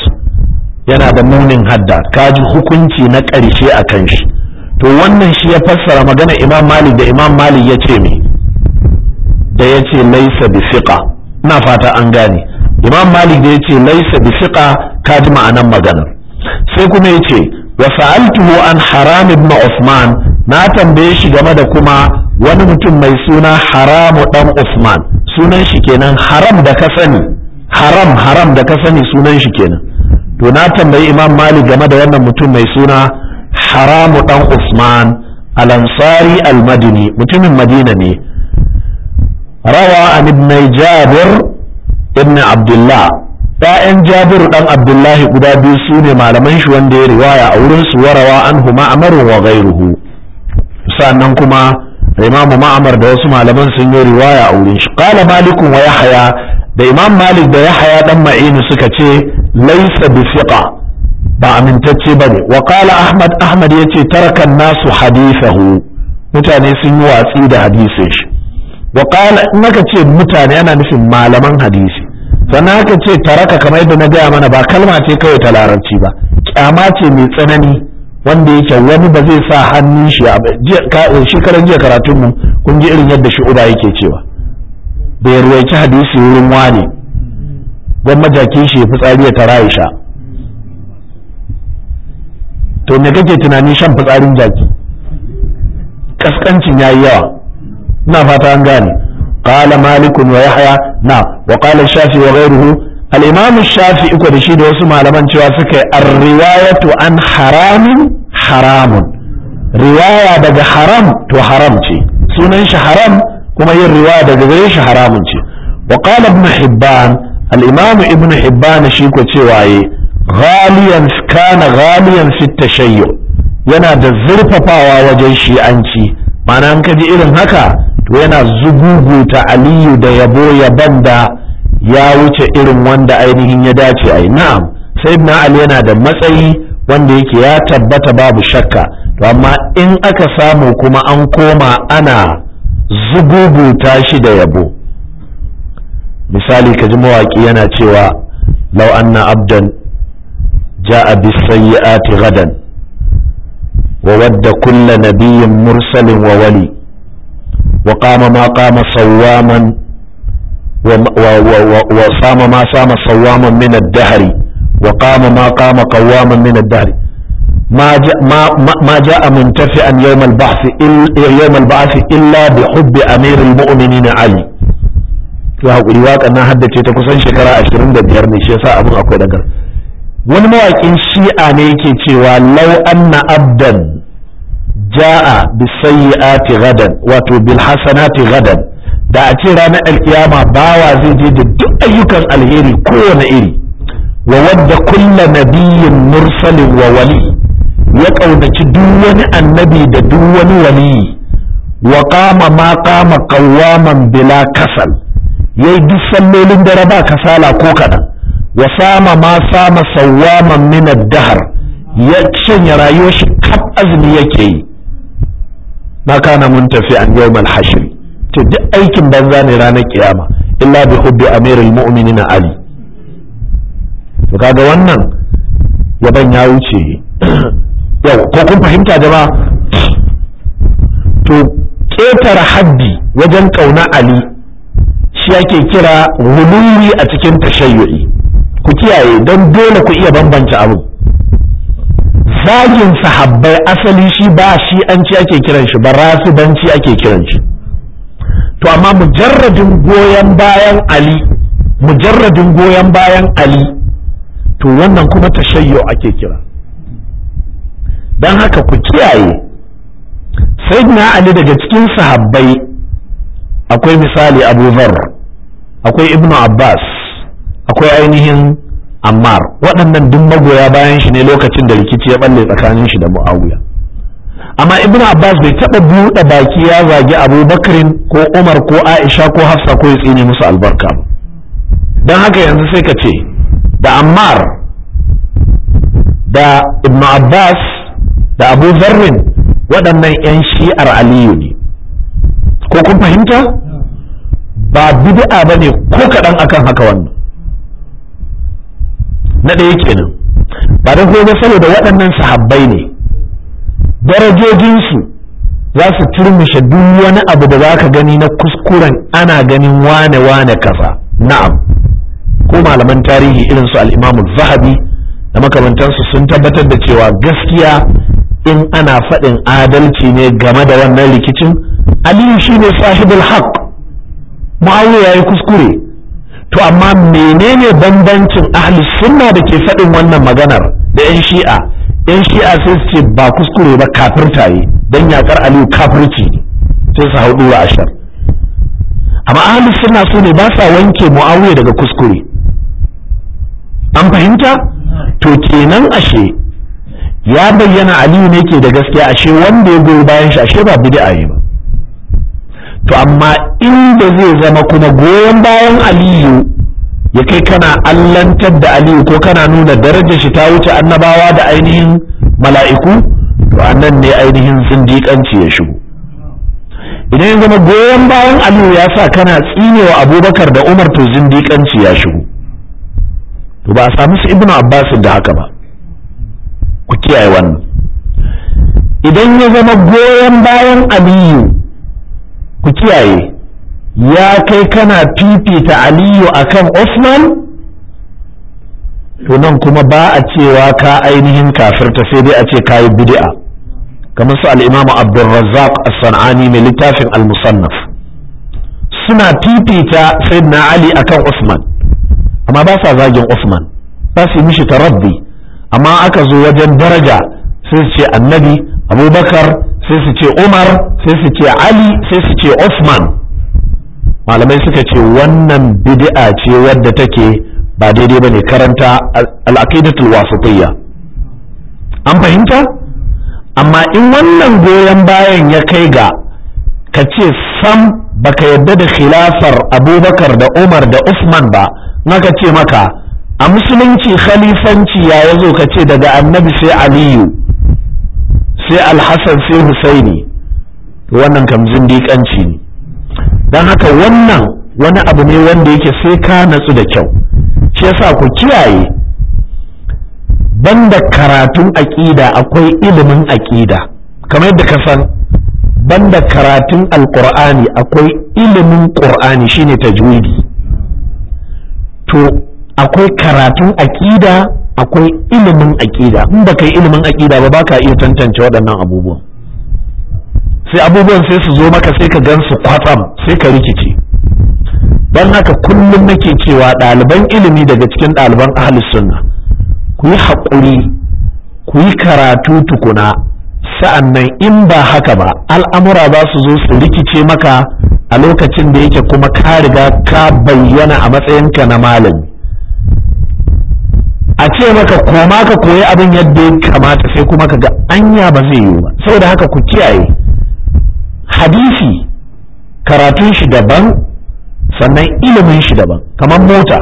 yana da munin hadda kaji hukunci na ƙarshe a kan shi to wannan shi ya fassara magana imam malik da imam malik ya ce me da ya ce laisa bi fiqa ina fata an gane imam malik da ya ce laisa bi fiqa kaji ma'anan magana sai kuma ya ce wa sa'altuhu an haram ibn usman na tambaye shi game da kuma wani mutum mai suna haramu dan usman sunan shi kenan haram da ka sani haram haram da ka sani sunan shi kenan to na tambayi imam malik game da wannan mutum mai suna haramu dan usman al-ansari al-madini mutumin madina ne rawa an ibn jabir ibn abdullah ɗayan jabir dan abdullahi guda biyu su ne malaman shi wanda ya riwaya a wurin su warawa an huma amarin wa gairuhu sannan kuma da imamu ma'amar da wasu malaman sun yi riwaya a wurin shi qala malikun wa haya da imam malik da haya dan ma'inu suka ce laisa bi ba amintacce bane wa qala ahmad ahmad yace taraka nasu hadithahu mutane sun yi watsi da hadisin shi wa in aka ce mutane ana nufin malaman hadisi sannan aka ce taraka kamar yadda na gaya mana ba kalma ce kawai ta larabci ba kyama ce mai tsanani wanda yake wani ba zai sa hannun shi a shekaran jiya karatun mu kun ji irin yadda shi uba yake cewa bai ruwaici hadisi wurin wani gwamma jakin shi fitsari ya tara ya sha to me kake tunanin shan fitsarin jaki kaskancin yayi yawa ina fata an gane qala malikun wa yahya na wa qala shafi wa Al'imamin imam shafi'i da shi da wasu malaman cewa suka yi ar-riwayatu an haramin haramun riwaya daga haram to haram ce sunan shi haram kuma yin riwaya daga gare shi haramun ce wa qala ibn hibban al-imam shi ko cewa yi ghaliyan kana ghaliyan fi tashayyu yana da zurfafawa wajen shi'anci ma'ana an ji irin haka to yana zuguguta aliyu da yabo yaban da ya wuce irin wanda ainihin ya dace yi na'am sai Ibn ali yana da matsayi wanda yake ya tabbata babu shakka to amma in aka samu kuma an koma ana zugubuta shi da yabo misali kaji mawaƙi yana cewa law anna abdan ja'a bis sayyi'ati gadan wa wadda kulla nabiyyin mursalin wa wali wa qama ma qama sawwaman wa sama ma sama sawaman min ad-dahri wa qama ma qama ما جاء ما ما جاء منتفعا يوم البعث يوم البعث الا بحب امير المؤمنين علي ya hakuri waka na haddace ta kusan shekara 25 ne shi yasa abun akwai dagar wani mawaƙin shi'a ne yake cewa lau anna abdan ja'a bisayyi'ati gadan wato bil hasanati gadan da a ce ranar alkiyama bawa zai je da duk ayyukan alheri kowane iri wa wadda kulla nabiyin mursalin wa wali ya ƙaunaci duk wani annabi da duk wani waliyi wa kama ma kama kawaman bila kasal yayi duk sallolin dare ba kasala ko kaɗan wa sama ma sama sawaman min dahar ya shanya rayuwar shi azumi yake yi Na kana mun tafi an yawmal hashri to duk aikin banza ne ranar kiyama illa bi hubbi amirul mu'minin ali to kaga wannan yaban ya wuce yau ko kun fahimta jama'a to ƙetare haddi wajen ƙauna ali shi ake kira wuluri a cikin tashayyu'i ku kiyaye don dole ku iya bambanta abu zagin sahabbai asali shi ba shi an ci ake kiran shi ba rasu banci ake kiran shi to amma mujarradin goyon bayan ali mujarradin goyon bayan ali to wannan kuma tashayyo ake kira don haka ku kiyaye sayyidina ali daga cikin sahabbai akwai misali abu zar akwai ibnu abbas akwai ainihin ammar waɗannan duk magoya bayan shi ne lokacin da rikici ya balle tsakanin shi da muawiya amma ibn abbas bai taba buɗe baki ya zagi abubakarin ko umar ko aisha ko hafsa ko ya tsine musu albarka don haka yanzu sai ka ce da ammar da ibn abbas da abu zarrin waɗannan 'yan shi'ar aliyu ne ko kun fahimta ba bid'a ba ne ko kaɗan akan haka wannan na ɗaya kenan ba don kuma saboda waɗannan sahabbai ne darajojinsu za su turmushe duk wani abu da za ka gani na kuskuren ana ganin wane wane kaza na'am ko malaman tarihi irin su al'imamu zahabi da makamantansu sun tabbatar da cewa gaskiya in ana faɗin adalci ne game da wannan rikicin aliyu shine sahibul haq ya yayi kuskure to amma menene bambancin ahli sunna da ke faɗin wannan maganar da yan shi'a yan shi'a sai su ce ba kuskure ba kafirta yi don yakar aliyu kafirci sai su hau dura ashar amma ahlus suna so ne ba sa wanke muawiya daga kuskure an fahimta to kenan ashe ya bayyana aliyu ne ke da gaskiya ashe wanda ya goyi bayan shi ashe ba bid'a yi ba to amma inda zai zama kuma goyon bayan aliyu ya kai kana allantar da aliyu ko kana nuna darajar shi ta wuce annabawa da ainihin mala'iku to annan ne ainihin zindiƙanci ya shigo idan ya zama goyon bayan aliyu ya sa kana tsinewa abubakar da umar to zindikanci ya shigo to ba a samu su ibnu abbas da haka ba ku kiyaye wannan idan ya zama goyon bayan aliyu ku kiyaye ya kai kana fifita aliyu akan usman to nan kuma ba a cewa ka ainihin kafirta sai dai a ce ka yi bid'a kamar su al'imamu abdulrazzaq as-san'ani mai littafin al-musannaf suna fifita sayyidina ali akan usman amma ba sa zagin usman ba su yi mishi rabbi. amma aka zo wajen daraja sai su ce annabi abubakar sai su ce umar sai su ce ali sai su ce usman malamai suka ce wannan bid'a ce wadda take ba daidai ba ne karanta al'aqidatul wasitiyya an fahimta amma in wannan goyon bayan ya kai ga ka ce sam baka yadda da khilafar abubakar da umar da usman ba naka ce maka a musulunci khalifanci ya yazo ka ce daga annabi sai aliyu sai alhassan sai husaini wannan kam zindiƙanci ne don haka wannan wani abu ne wanda yake sai ka natsu da kyau shi yasa ku kiyaye banda karatun aƙida akwai ilimin aƙida kamar yadda ka san banda karatun alƙur'ani akwai ilimin ƙur'ani shine tajwidi to akwai karatun aƙida akwai ilimin aƙida in baka yi ilimin aƙida ba baka iya tantance waɗannan abubuwan sai abubuwan sai su zo maka sai ka gan su kwatsam sai ka rikice don haka kullum nake cewa ɗaliban ilimi daga cikin ɗaliban ahlus sunna ku yi haƙuri ku yi karatu tukuna sa'an nan in ba haka ba al'amura za su zo su rikice maka a lokacin da yake kuma ka riga ka bayyana a matsayinka na malami a ce maka koma ka koyi abin yadda ya kamata sai kuma ka ga anya ba zai yi ba saboda haka ku kiyaye hadisi karatun shi daban sannan ilimin shi daban kamar mota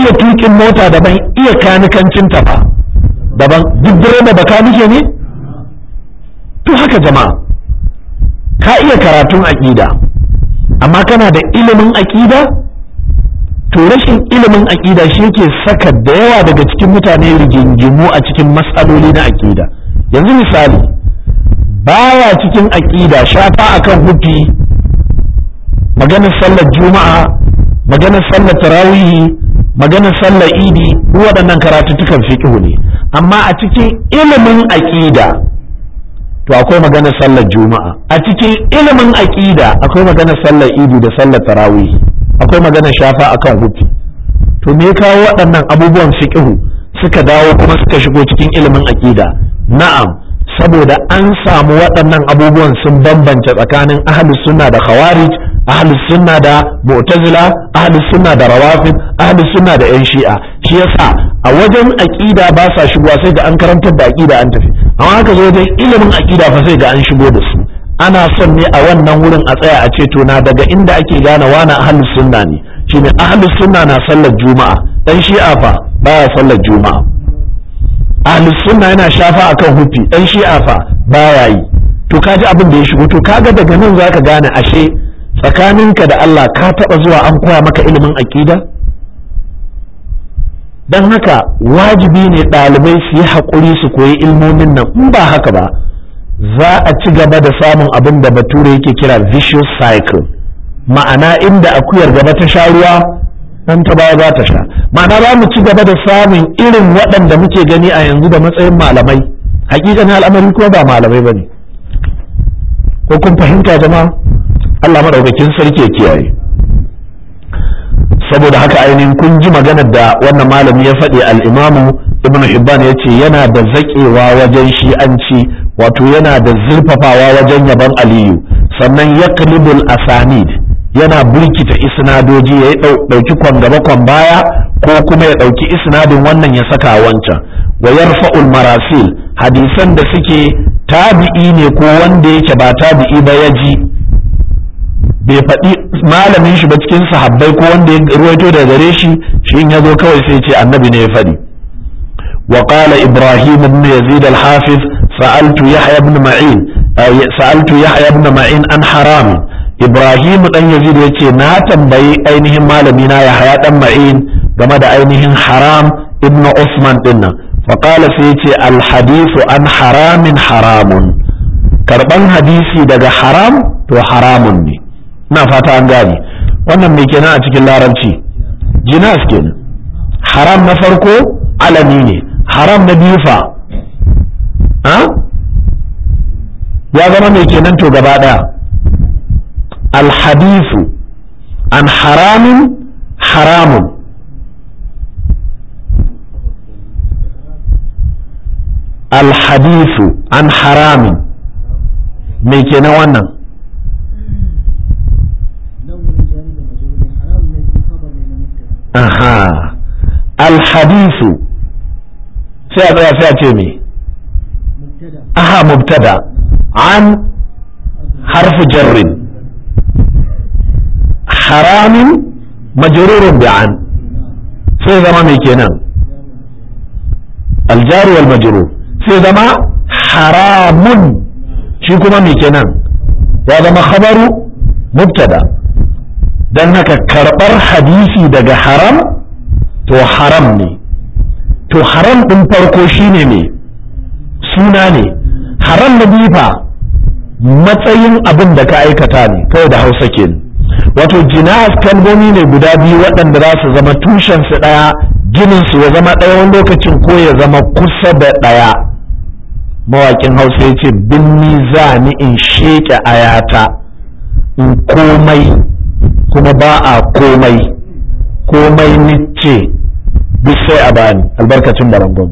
iya tukin mota daban iya kanikancin tafa daban duk da baka nike ne to haka jama'a ka iya karatun aƙida amma kana da ilimin aƙida to rashin ilimin aƙida shi yake saka da yawa daga cikin mutane rigingimu a cikin matsaloli na aƙida yanzu misali baya cikin aƙida shafa akan hutu, maganar sallar juma'a maganar sallar tarawihi maganar sallar idi waɗannan karatuttukan fiƙihu ne amma a cikin ilimin aƙida to akwai maganar sallar juma'a a cikin ilimin aƙida akwai maganar sallar idi da sallar tarawihi akwai maganar shafa akan hutu. to me kawo waɗannan abubuwan fiƙihu suka dawo kuma suka shigo cikin ilimin aƙida na'am saboda an samu waɗannan abubuwan sun bambance tsakanin ahlus sunna da khawarij ahlus sunna da mu'tazila ahlus sunna da rawafid ahlus sunna da yan shi'a shi yasa a wajen aqida ba sa shigowa sai ga an karantar da aqida an tafi amma haka zo wajen ilimin aqida fa sai ga an shigo da su ana son ne a wannan wurin a tsaya a ce to na daga inda ake gane wani ahlus sunna ne shine ahlus sunna na sallar juma'a dan shi'a fa baya sallar juma'a ahlus sunna yana shafa akan hufi dan shi'a fa baya yi to kaji abin da ya shigo to kaga daga nan zaka gane ashe tsakaninka da Allah ka taba zuwa an koya maka ilimin aqida dan haka wajibi ne ɗalibai su yi haƙuri su koyi ilmomin nan in ba haka ba za a ci gaba da samun abin da bature yake kira vicious cycle ma'ana inda akuyar gaba ta sha ruwa nan ta baya za ta sha ma'ana za mu ci gaba da samun irin waɗanda muke gani a yanzu da matsayin malamai hakikani al'amari kuma ba malamai ba ne ko kun fahimta jama'a Allah madaukakin sarki ya kiyaye saboda haka ainihin kun ji maganar da wannan malami ya faɗi al'imamu ibn hibban ya ce yana da zaƙewa wajen shi'anci wato yana da zurfafawa wajen yaban aliyu sannan ya kalibul asanid yana burkita isnadoji ya ɗauki kwangaba kwan baya ko kuma ya ɗauki isnadin wannan ya saka wancan wa yarfa'ul marasil hadisan da suke tabi'i ne ko wanda yake ba tabi'i ba ya ji bai faɗi malamin shi ba cikin sahabbai ko wanda ya ruwaito da gare shi shi in ya zo kawai sai ce annabi ne ya faɗi wa qala ibrahim ibn yazid al-hafiz sa'altu yahya ibn ma'in eh, sa'altu yahya ibn ma'in an haram ibrahim dan yazid ya ce na tambayi ainihin malami na ya haya dan ma'in game da ainihin haram ibn usman din nan faƙala sai ce alhadisu an haramin haramun karɓan hadisi daga haram to haramun ne na fata an gani. wannan mai kenan a cikin larabci jinas kenan haram na farko alami ne haram na biyu fa ya zama mai kenan to gaba ɗaya الحديث عن حرام حرام الحديث عن حرام ميكينا وانا أها الحديث سيادة يا سيادة مي أها مبتدا عن حرف جر مبتدأ. haramin majrurun bi sai zama mai kenan aljaru wal sai zama haramun shi kuma mai kenan ya zama khabaru mubtada dan haka karbar hadisi daga haram to haram ne to haram din farko shine ne suna ne haram na bifa matsayin abin da ka aikata ne kawai da hausa kenan wato jinahas kalmomi ne guda biyu waɗanda za su zama tushen su ɗaya ginin su ya zama ɗaya wani lokacin ko ya zama kusa da ɗaya mawaƙin hausa ya ce binni za ni in sheƙe ayata in komai kuma ba a komai komai ni ce duk sai a bani albarkacin barangon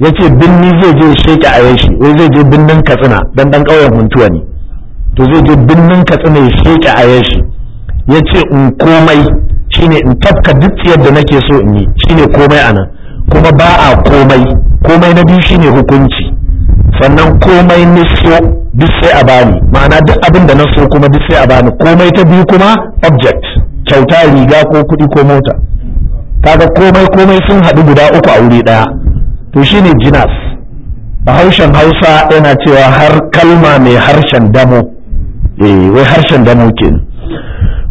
ya ce binni zai je sheƙe ayashi wai zai je binnin katsina don ɗan ƙauyen huntuwa to zai je birnin katsina ya sheke a yashi ya ce in komai shine in tafka dutsiyar yadda nake so in yi shine komai anan kuma ba a komai komai na biyu shine hukunci sannan komai na so duk sai a bani ma'ana duk abin da na so kuma duk sai a bani komai ta biyu kuma object kyauta riga ko kuɗi ko mota kaga komai komai sun haɗu guda uku a wuri ɗaya to shine jinas bahaushen hausa yana cewa har kalma mai harshen damo eh wai harshen da muke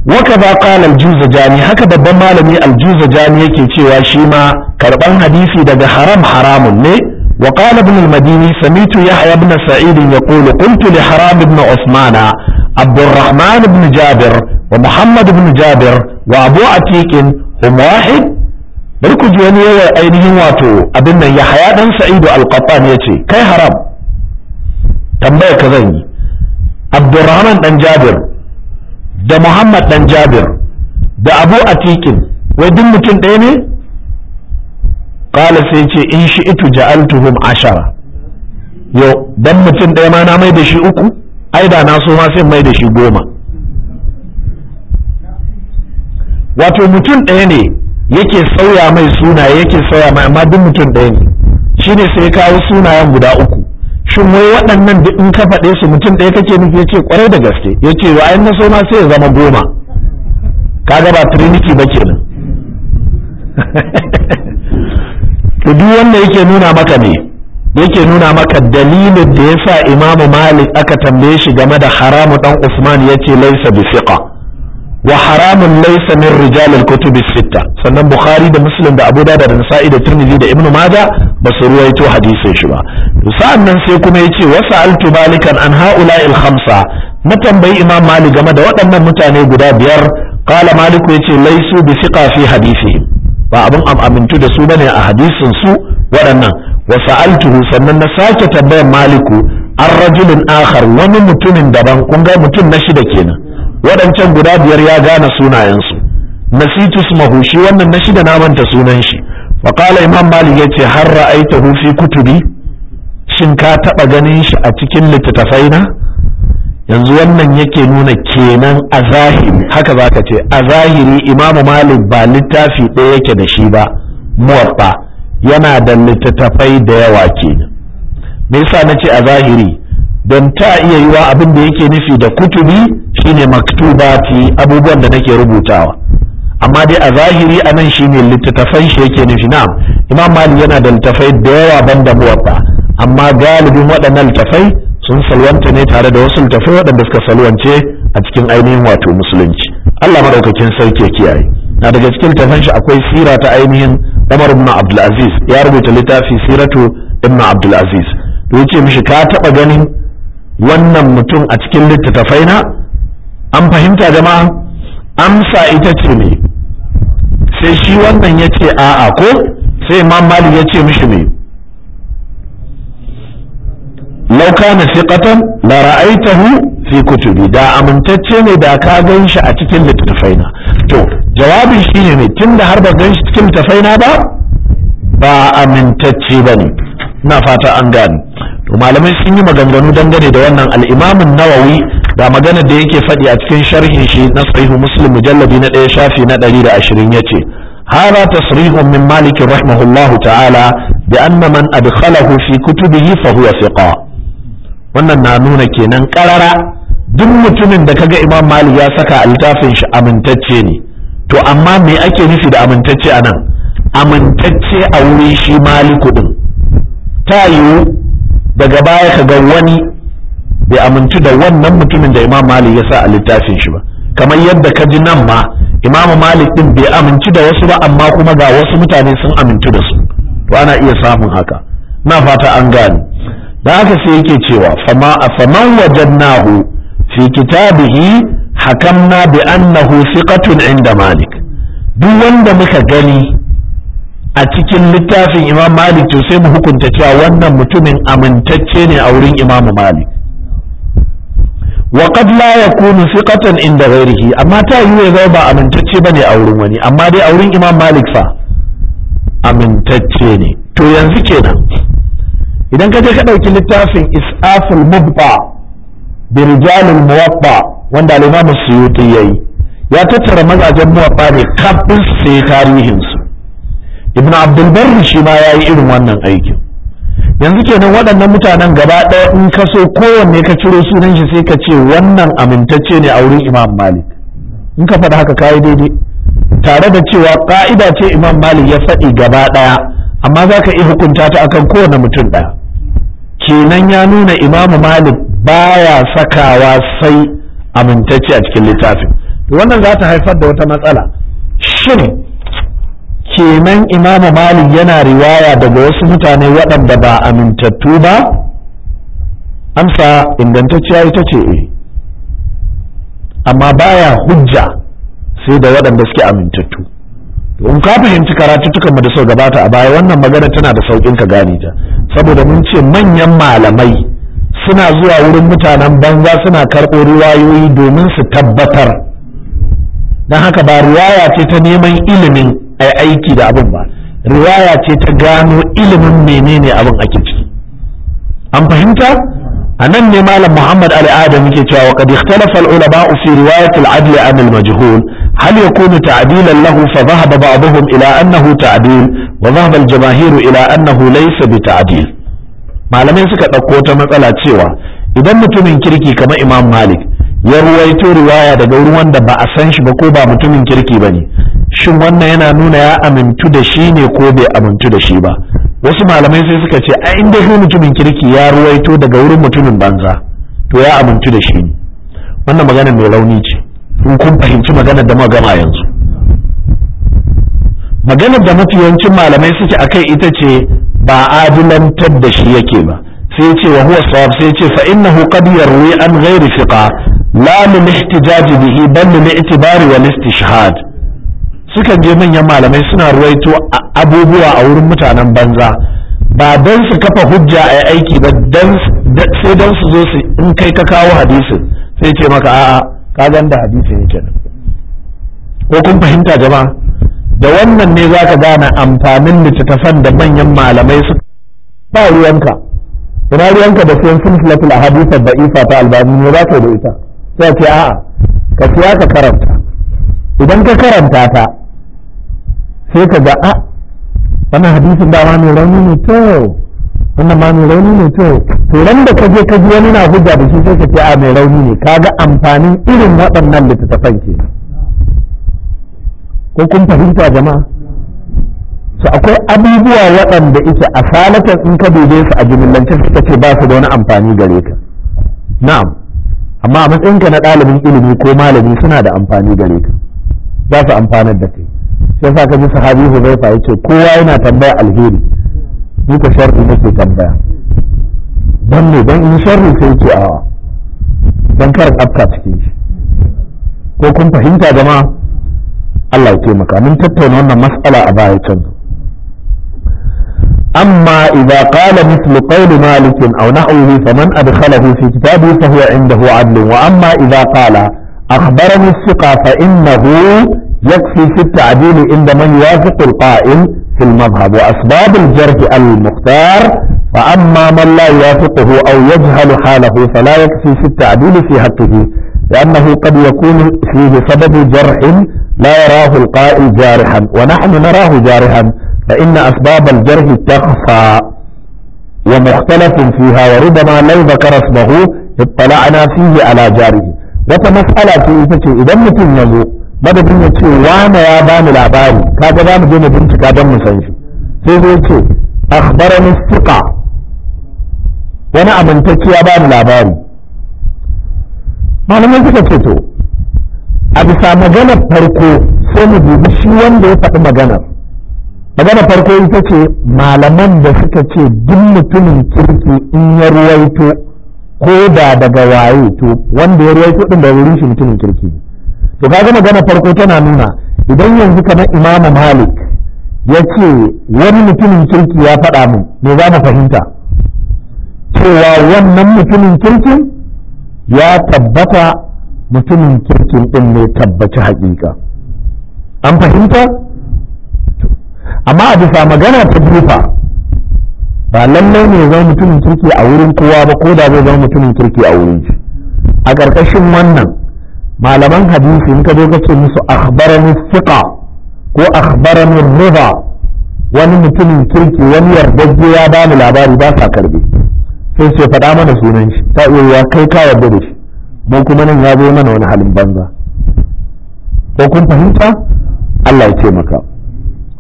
waka ba qala al-juzajani haka babban malami al-juzajani yake cewa shi ma karban hadisi daga haram haramun ne wa qala ibn al-madini samitu yahya ibn sa'id yaqulu qultu li haram ibn usman Jabir wa Muhammad جابر Jabir. بن جابر وابو عتيق هم واحد bari ku ji wani yawa ainihin wato abin nan yahya ɗan dan sa'idu alqatan ya ce kai haram tambaya ka zan yi abdurrahman dan jabir da muhammad dan jabir da abu atikin wai duk mutum ɗaya ne kala sai ce in shi itu ja'altuhum ashara yau dan mutum ɗaya ma na mai da shi uku ai da na so ma sai mai da shi goma wato mutum ɗaya ne yake sauya mai suna yake sauya mai amma duk mutum ɗaya ne shine sai kawo sunayen guda uku shin wai waɗannan duk in ka faɗe su mutum ɗaya kake nufi ya ce ƙwarai da gaske ya ce wa ayin so ma sai ya zama goma ka ba trinity ba kenan Ku duk wanda yake nuna maka ne yake nuna maka dalilin da ya sa imamu malik aka tambaye shi game da haramu dan usman ya ce laisa bi fiqa wa haramun laisa min rijalil kutubi sitta sannan bukhari da muslim da abu da nasa'i da tirmidhi da ibnu majah ba su ruwaito hadisin shi ba sa'an nan sai kuma yace wasu altu malikan an ha'ula'il khamsa na tambayi imam malik game da waɗannan mutane guda biyar qala malik ce laisu bi siqa fi hadisi ba abin amintu da su bane a hadisin su waɗannan Wasu altu sannan na sake tambayar maliku an rajulin akhar wani mutumin daban kun ga mutum na shida kenan waɗancan guda biyar ya gane sunayensu nasitu smahu hushi wannan na shida na manta sunan shi wa imam malik ce har ra'aita fi kutubi shin ka taɓa ganin shi a cikin littattafai na yanzu wannan yake nuna kenan a zahiri haka zaka ce a zahiri imam malik ba littafi ɗaya yake da shi ba muwaffa yana da littattafai da yawa kenan me yasa nace a zahiri don ta iya yiwa abin da yake nufi da kutubi shine maktubati abubuwan da nake rubutawa amma dai a zahiri a nan shi ne littattafan shi yake nufi na imam mali yana da littattafai da yawa ban da muwatta amma galibin waɗannan littattafai sun salwanta ne tare da wasu littattafai waɗanda suka salwance a cikin ainihin wato musulunci Allah maɗaukakin sarki kiyaye na daga cikin littattafan shi akwai sira ta ainihin Umar ibn Abdul Aziz ya rubuta littafi Siratu ibn Abdul Aziz to yace mishi ka taɓa ganin wannan mutum a cikin littattafai na an fahimta jama'a amsa ita ce ne sai shi wannan ya ce a'a ko sai imam malik ya ce mishi ne lau kana siqatan la ra'aitahu fi kutubi da amintacce ne da ka gan shi a cikin na to jawabin shine ne tun da har ba gan shi cikin na ba ba amintacce ba ne ina fata an gane to malamai sun yi maganganu dangane da wannan al'imamin nawawi da maganar da yake faɗi a cikin sharhin shi na sahihu muslim mujallabi na ɗaya shafi na ɗari da ashirin ya ce هذا تصريح من da رحمه الله تعالى بأن من أدخله في كتبه فهو ثقة wannan na nuna kenan karara duk mutumin da kaga imam malik ya saka littafin shi amintacce ne to amma me ake nufi da amintacce a nan? amintacce a wuri shi maliku din ta yiwu daga baya ka ga wani bai amintu da wannan mutumin da imam malik ya sa a littafin shi ba kamar yadda ka ji nan ma imam malik din bai amintu da wasu ba amma kuma ga wasu mutane sun amintu da su to ana iya samun haka na fata an gane da haka sai yake cewa fama faman wajadnahu fi kitabihi hakamna bi annahu thiqatun inda malik duk wanda muka gani a cikin littafin imam malik to sai mu hukunta cewa wannan mutumin amintacce ne a wurin imam malik wa qad la yakunu thiqatan inda ghairihi amma ta yi ya zama ba amintacce bane a wurin wani amma dai a wurin imam malik fa amintacce ne to yanzu kenan idan ka je ka dauki littafin isaful mubba bi rijalil muwatta wanda al-imam suyuti yayi ya tattara mazajen muwatta ne kafin sai tarihin su ibn abdulbarri shi ma ya yi irin wannan aikin yanzu kenan waɗannan mutanen gaba ɗaya in ka so kowanne ka ciro sunan shi sai ka ce wannan amintacce ne a wurin imam malik in ka faɗi haka kayi daidai tare da cewa ƙa'ida ce imam malik ya faɗi gaba ɗaya amma za ka iya hukunta ta akan kowane mutum ɗaya kenan ya nuna imam malik baya sakawa sai amintacce a cikin littafin wannan za ta haifar da wata matsala shin kenan imamu malik yana riwaya daga wasu mutane waɗanda ba amintattu ba amsa ingantacciya ita ce eh. amma baya hujja sai da waɗanda suke amintattu in ka fahimci karatuttukan mu da sau gabata a baya wannan magana tana da saukin ka gane ta saboda mun ce manyan malamai suna zuwa wurin mutanen banza suna karɓo riwayoyi domin su tabbatar don haka ba riwaya ce ta neman ilimin ai aiki da abin ba riwaya ce ta gano ilimin menene abin ake ciki an fahimta a nan ne malam muhammad al'ada muke cewa wa qad ikhtalafa al-ulama fi riwayat al-adl an al-majhul hal yakunu ta'dilan lahu fa dhahaba ba'dhum ila annahu ta'dil wa dhahaba al-jamaahir ila annahu laysa bi ta'dil malamai suka ɗauko ta matsala cewa idan mutumin kirki kamar imam malik ya ruwaito riwaya daga wurin wanda ba a san shi ba ko ba mutumin kirki ba ne shin wannan yana nuna ya amintu da shi ne ko bai amintu da shi ba wasu malamai sai suka ce a inda shi mutumin kirki ya ruwaito daga wurin mutumin banza to ya amintu da shi ne wannan magana mai rauni ce in kun fahimci maganar da magama yanzu maganar da mafi yawancin malamai suke a kai ita ce ba adilantar da shi yake ba sai ce wa huwa sawab sai ce fa innahu qad yarwi an ghairi thiqa la min ihtijaji bihi bal min i'tibari wal istishhad sukan je manyan malamai suna ruwaito abubuwa a wurin mutanen banza ba don su kafa hujja a aiki ba sai don su zo su in kai ka kawo hadisin sai ce maka a'a ka ganda hadisin yake nan ko kun fahimta jama'a da wannan ne za ka gane amfanin littattafan da manyan malamai su ba ruwanka ina ruwanka da sun sun a hadisar da isa ta albani ne za ka da ita sai ce a'a ka siya ka karanta idan ka karanta ta sai ka ga a ah, wannan hadisin dama mai rauni ne to wannan ma mai rauni ne to to ran da ka je ka ji wani na hujja da shi sai ka ce a ah, mai rauni ne ka ga amfanin irin waɗannan littattafan ke ko kun fahimta jama'a su akwai abubuwa waɗanda ita a salatan in ka dube su a jimillance suka ce ba su da wani amfani gare ka na'am amma a matsayinka na ɗalibin ilimi ko malami suna da amfani gare ka za su amfanar da kai sai sa ka ji sahabi Huzaifa yace kowa yana tambaya alheri ni ko sharri nake tambaya dan ne dan in sharri sai ce a dan kar afka cikin shi ko kun fahimta jama'a Allah ya taimaka mun tattauna wannan mas'ala a baya can أما إذا قال مثل قول مالك أو نحوه فمن أدخله في كتابه فهو عنده عدل وأما إذا قال أخبرني الثقة فإنه يكفي في التعديل عند من يوافق القائل في المذهب وأسباب الجرح المختار وأما من لا يوافقه أو يجهل حاله فلا يكفي في التعديل في حقه لأنه قد يكون فيه سبب جرح لا يراه القائل جارحا ونحن نراه جارحا فإن أسباب الجرح تخفى ومختلف فيها وربما لو ذكر اسمه اطلعنا فيه على جاره وتمسألة إذا إذا متن madadin ya ce wane ya bani labari ga za mu je mu bincika don mu san shi sai zai ce akhbarani thiqa wani amintacce ya bani labari malamai suka ce to a bisa magana farko sai mu dubi shi wanda ya faɗi magana magana farko ita ce malaman da suka ce duk mutumin kirki in ya ruwaito ko da daga waye to wanda ya ruwaito din da wurin shi mutumin kirki to kaga magana farko tana nuna idan yanzu kamar imam malik ya ce wani mutumin kirki ya faɗa min me za mu fahimta cewa wannan mutumin kirki ya tabbata mutumin kirkin ɗin ne tabbaci haƙiƙa an fahimta amma a bisa magana ta dufa ba lallai ne zama mutumin kirki a wurin kowa ba ko da zai zama mutumin kirki a wurin shi a ƙarƙashin wannan malaman hadisi in ka zo ka ce musu akhbarani thiqa ko akhbarani riba wani mutumin kirki wani yardajje ya ba mu labari ba sa karbe sai ce faɗa mana sunan shi ta iya ya kai ka yarda da shi mu kuma nan ya zo mana wani halin banza ko kun fahimta Allah ya ce maka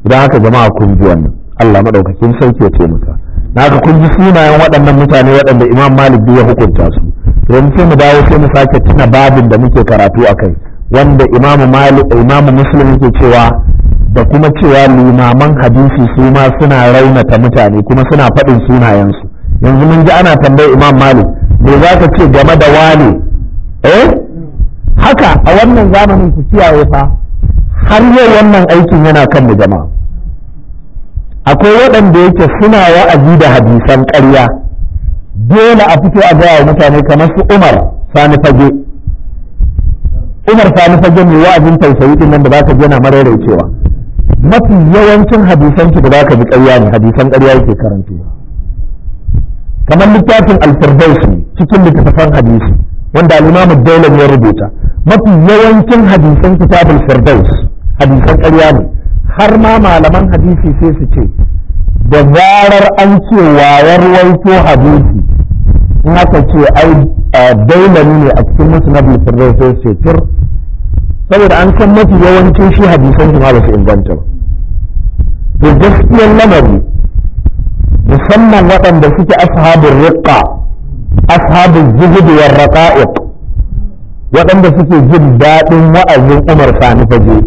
idan haka jama'a kun ji wannan Allah madaukakin sarki ya ce maka na haka kun ji sunayen waɗannan mutane waɗanda Imam Malik ya hukunta su yanzu sai mu dawo sai mu sake tuna babin da muke karatu a kai wanda imamu malik imamu muslim yake cewa da kuma cewa limaman hadisi su ma suna raunata mutane kuma suna faɗin sunayensu yanzu mun ji ana tambayar imam malik me za ka ce game da wane eh haka a wannan zamanin ku kiyaye fa har yau wannan aikin yana kan da jama'a akwai waɗanda yake suna wa'azi da hadisan ƙarya dole a fito a gaya mutane kamar su Umar Sani Fage Umar Sani Fage ne wa'azin tausayi din nan da ka ji yana mararecewa mafi yawancin hadisan ki da zaka ji ƙarya ne hadisan ƙarya yake karanto kamar littafin al-Firdaus cikin littafan hadisi wanda al-Imam Dawlan ya rubuta mafi yawancin hadisan kitabul Firdaus hadisan ƙarya ne har ma malaman hadisi sai su ce da zarar an ce wayar waito hadisi in haka ce ai dailami ne a cikin musnad musirrai sai ce tur saboda an san mafi yawancin shi hadisan su ma ba su inganta ba to gaskiyar lamari musamman waɗanda suke ashabin riƙa ashabin zuhudu wa waɗanda suke jin daɗin wa'azin Umar Sani faje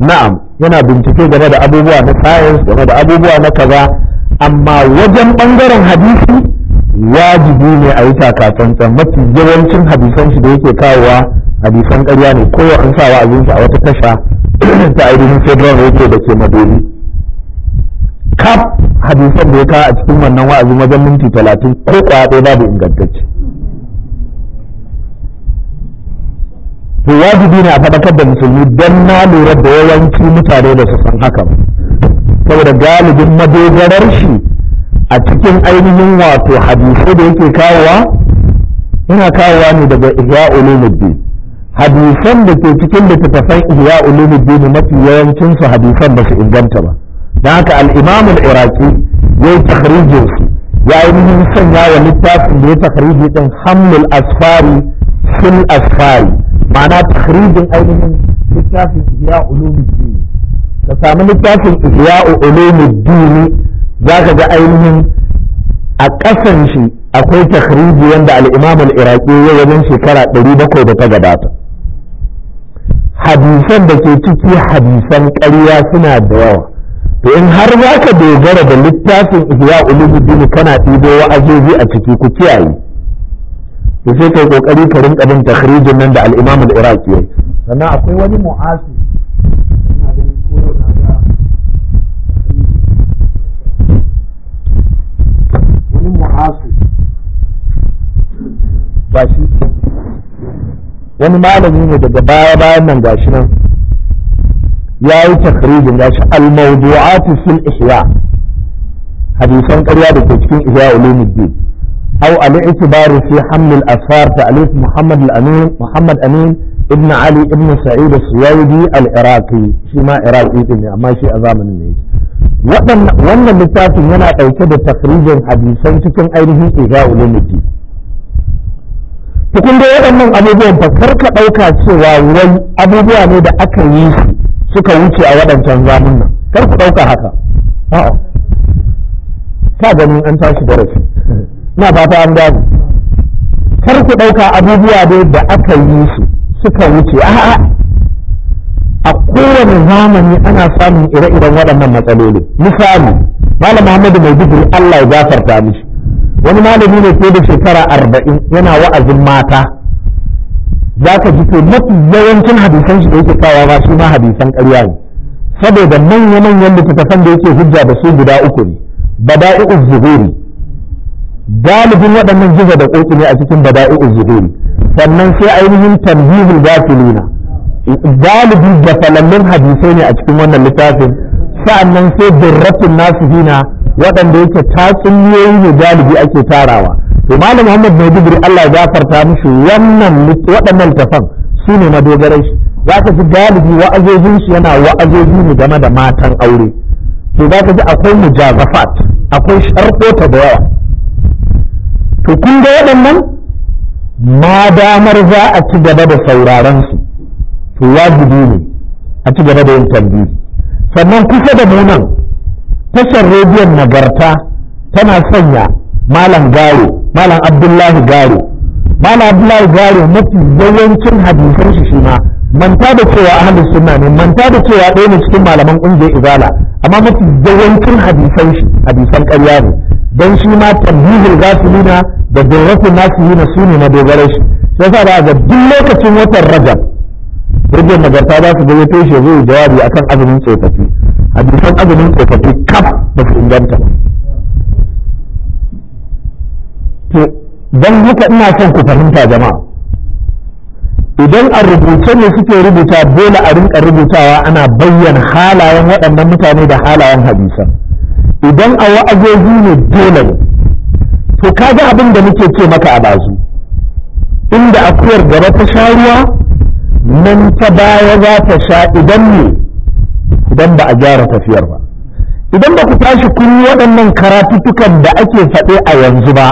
na'am yana bincike game da abubuwa na science game da abubuwa na kaza amma wajen ɓangaren hadisi wajibi ne a yi takatsantsan mafi yawancin hadisan shi da yake kawowa hadisan karya ne ko an sa a a wata tasha ta ainihin federal radio da ke madoli kaf hadisan da ya kawo a cikin wannan wa'azi, wajen minti talatin ko kwaya ɗaya babu ingantacce to wajibi ne a faɗakar da musulmi don na lura da yawanci mutane da su san haka saboda galibin madogarar shi a cikin ainihin wato hadisai da yake kawowa yana kawowa ne daga ihya ulumuddin hadisan da ke cikin littattafan ihya ne mafi yawancin su hadisan ba su inganta ba don haka al-imam al-iraqi yayi takhrijin su ya ainihin sanya wa littafin da ya takhriji din hamlul asfari fil asfari ma'ana takhrijin ainihin littafin ihya ulumuddin ka sami littafin ihya ne. za ka ga ainihin a ƙasan shi akwai takhriji wanda al-Imam ya yi ya wajen shekara 700 da ta gabata hadisan da ke ciki hadisan ƙarya suna da yawa to in har za ka dogara da littafin Ihya Ulumuddin kana ɗibo wa'azozi a ciki ku kiyaye to sai kai kokari ka rinka bin takhrijin nan da al-Imam sannan akwai wani mu'asi gashi wani malami ne daga baya bayan nan gashi nan ya yi takrijin gashi al-mawdu'atu fil ihya hadisan ƙarya da ke cikin ihya ulumuddin أو الاعتبار في حمل الأثار تأليف محمد الأمين محمد أمين ابن علي ابن سعيد السويدي العراقي شما عراقي إني ما شيء أزامن مني wannan littafin yana ɗauke da takrijin hadisan cikin ainihin ihya ulumuddin Tukun kun dai waɗannan abubuwan ba kar ka ɗauka cewa wai abubuwa ne da aka yi su suka wuce a waɗancan zamunan kar ku ɗauka haka a'a ka gani an tashi da rashi na ta an gane kar ku ɗauka abubuwa ne da aka yi su suka wuce a'a a kowane zamani ana samun ire-iren waɗannan matsaloli misali malam Muhammadu Maiduguri Allah ya gafarta mishi wani malami ne fiye da shekara arba'in yana wa'azin mata za ka ji to mafi yawancin hadisan shi da yake kawo ba shi ma hadisan karya ne saboda manya-manyan littattafan da yake hujja da su guda uku ne bada'i'uz zuhuri galibin waɗannan jiza da ƙoƙi ne a cikin bada'i'uz zuhuri sannan sai ainihin tanbihul gafilina galibi da falallin hadisai ne a cikin wannan littafin sa'annan sai durratun nasihina waɗanda yake tatsuniyoyi ne galibi ake tarawa to malam muhammad maiduguri allah ya gafarta mishi wannan waɗannan tafan su ne madogarai shi za ka ji galibi wa'azojin shi yana wa'azoji ne game da matan aure to za ka ji akwai mujazafat akwai sharkota da yawa to kun ga waɗannan ma damar za a ci gaba da sauraron su to wajibi ne a ci gaba da yin tambayi sannan kusa da mu nan tashar rediyon nagarta tana sanya malam garo malam abdullahi garo malam abdullahi garo mafi yawancin hadisan shi ma manta da cewa ahlus sunna ne manta da cewa ɗaya ne cikin malaman ƙungiyar izala amma mafi yawancin hadisan shi hadisan ƙarya ne dan shi ma tambihul gasilina da durratu na su ne na dogare shi yasa da ga duk lokacin watan rajab rubin nagarta za su gayyato shi zai jawabi akan azumin tsofaffi hadisan azumin tsofaffi kaf ba su inganta ba to don haka ina son ku fahimta jama'a idan a rubuce ne suke rubuta dole a rinka rubutawa ana bayyana halayen waɗannan mutane da halayen hadisan idan a wa'azozi ne dole ne to kaga abin da muke ce maka a bazu inda akuyar gaba ta sha ruwa nan ta baya za ta sha idan ne idan ba a gyara tafiyar ba idan ba ku tashi kun yi waɗannan karatuttukan da ake faɗe a yanzu ba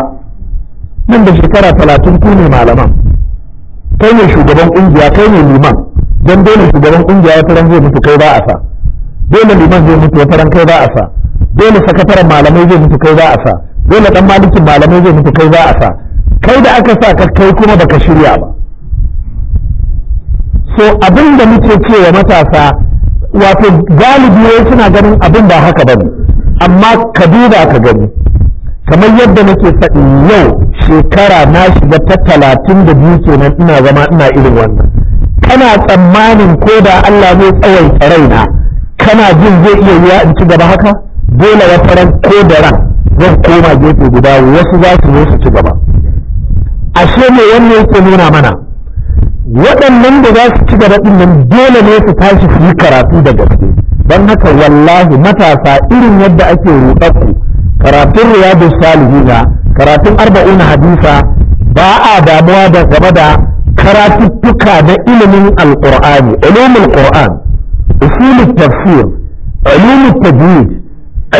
nan da shekara talatin ku ne malaman kai ne shugaban ƙungiya kai ne liman don dole shugaban ƙungiya ya ran zai mutu kai ba a sa dole liman zai mutu ya ran kai ba a sa dole sakataren malamai zai mutu kai ba a sa dole dan malikin malamai zai mutu kai ba a sa kai da aka sa ka kai kuma baka shirya ba so abin da muke cewa matasa wato galibi wai suna ganin abin ba haka ba ne amma ka duba ka gani kamar yadda nake faɗi yau shekara na shiga ta talatin da biyu kenan ina zama ina irin wannan kana tsammanin ko da Allah zai rai na? kana jin zai iya yiwa in ci gaba haka dole wata ran ko da ran zan koma gefe guda wasu za su zo su ci gaba ashe me wannan yake nuna mana waɗannan da za su ci gaba ɗin nan dole ne su tashi su yi karatu da gaske don haka wallahi matasa irin yadda ake ruɗaɗku karatun riyadu salihina karatun arba'una hadisa ba a damuwa da game da karatuttuka na ilimin alƙur'ani ilimin qur'an usulul tafsir ulumul tajwid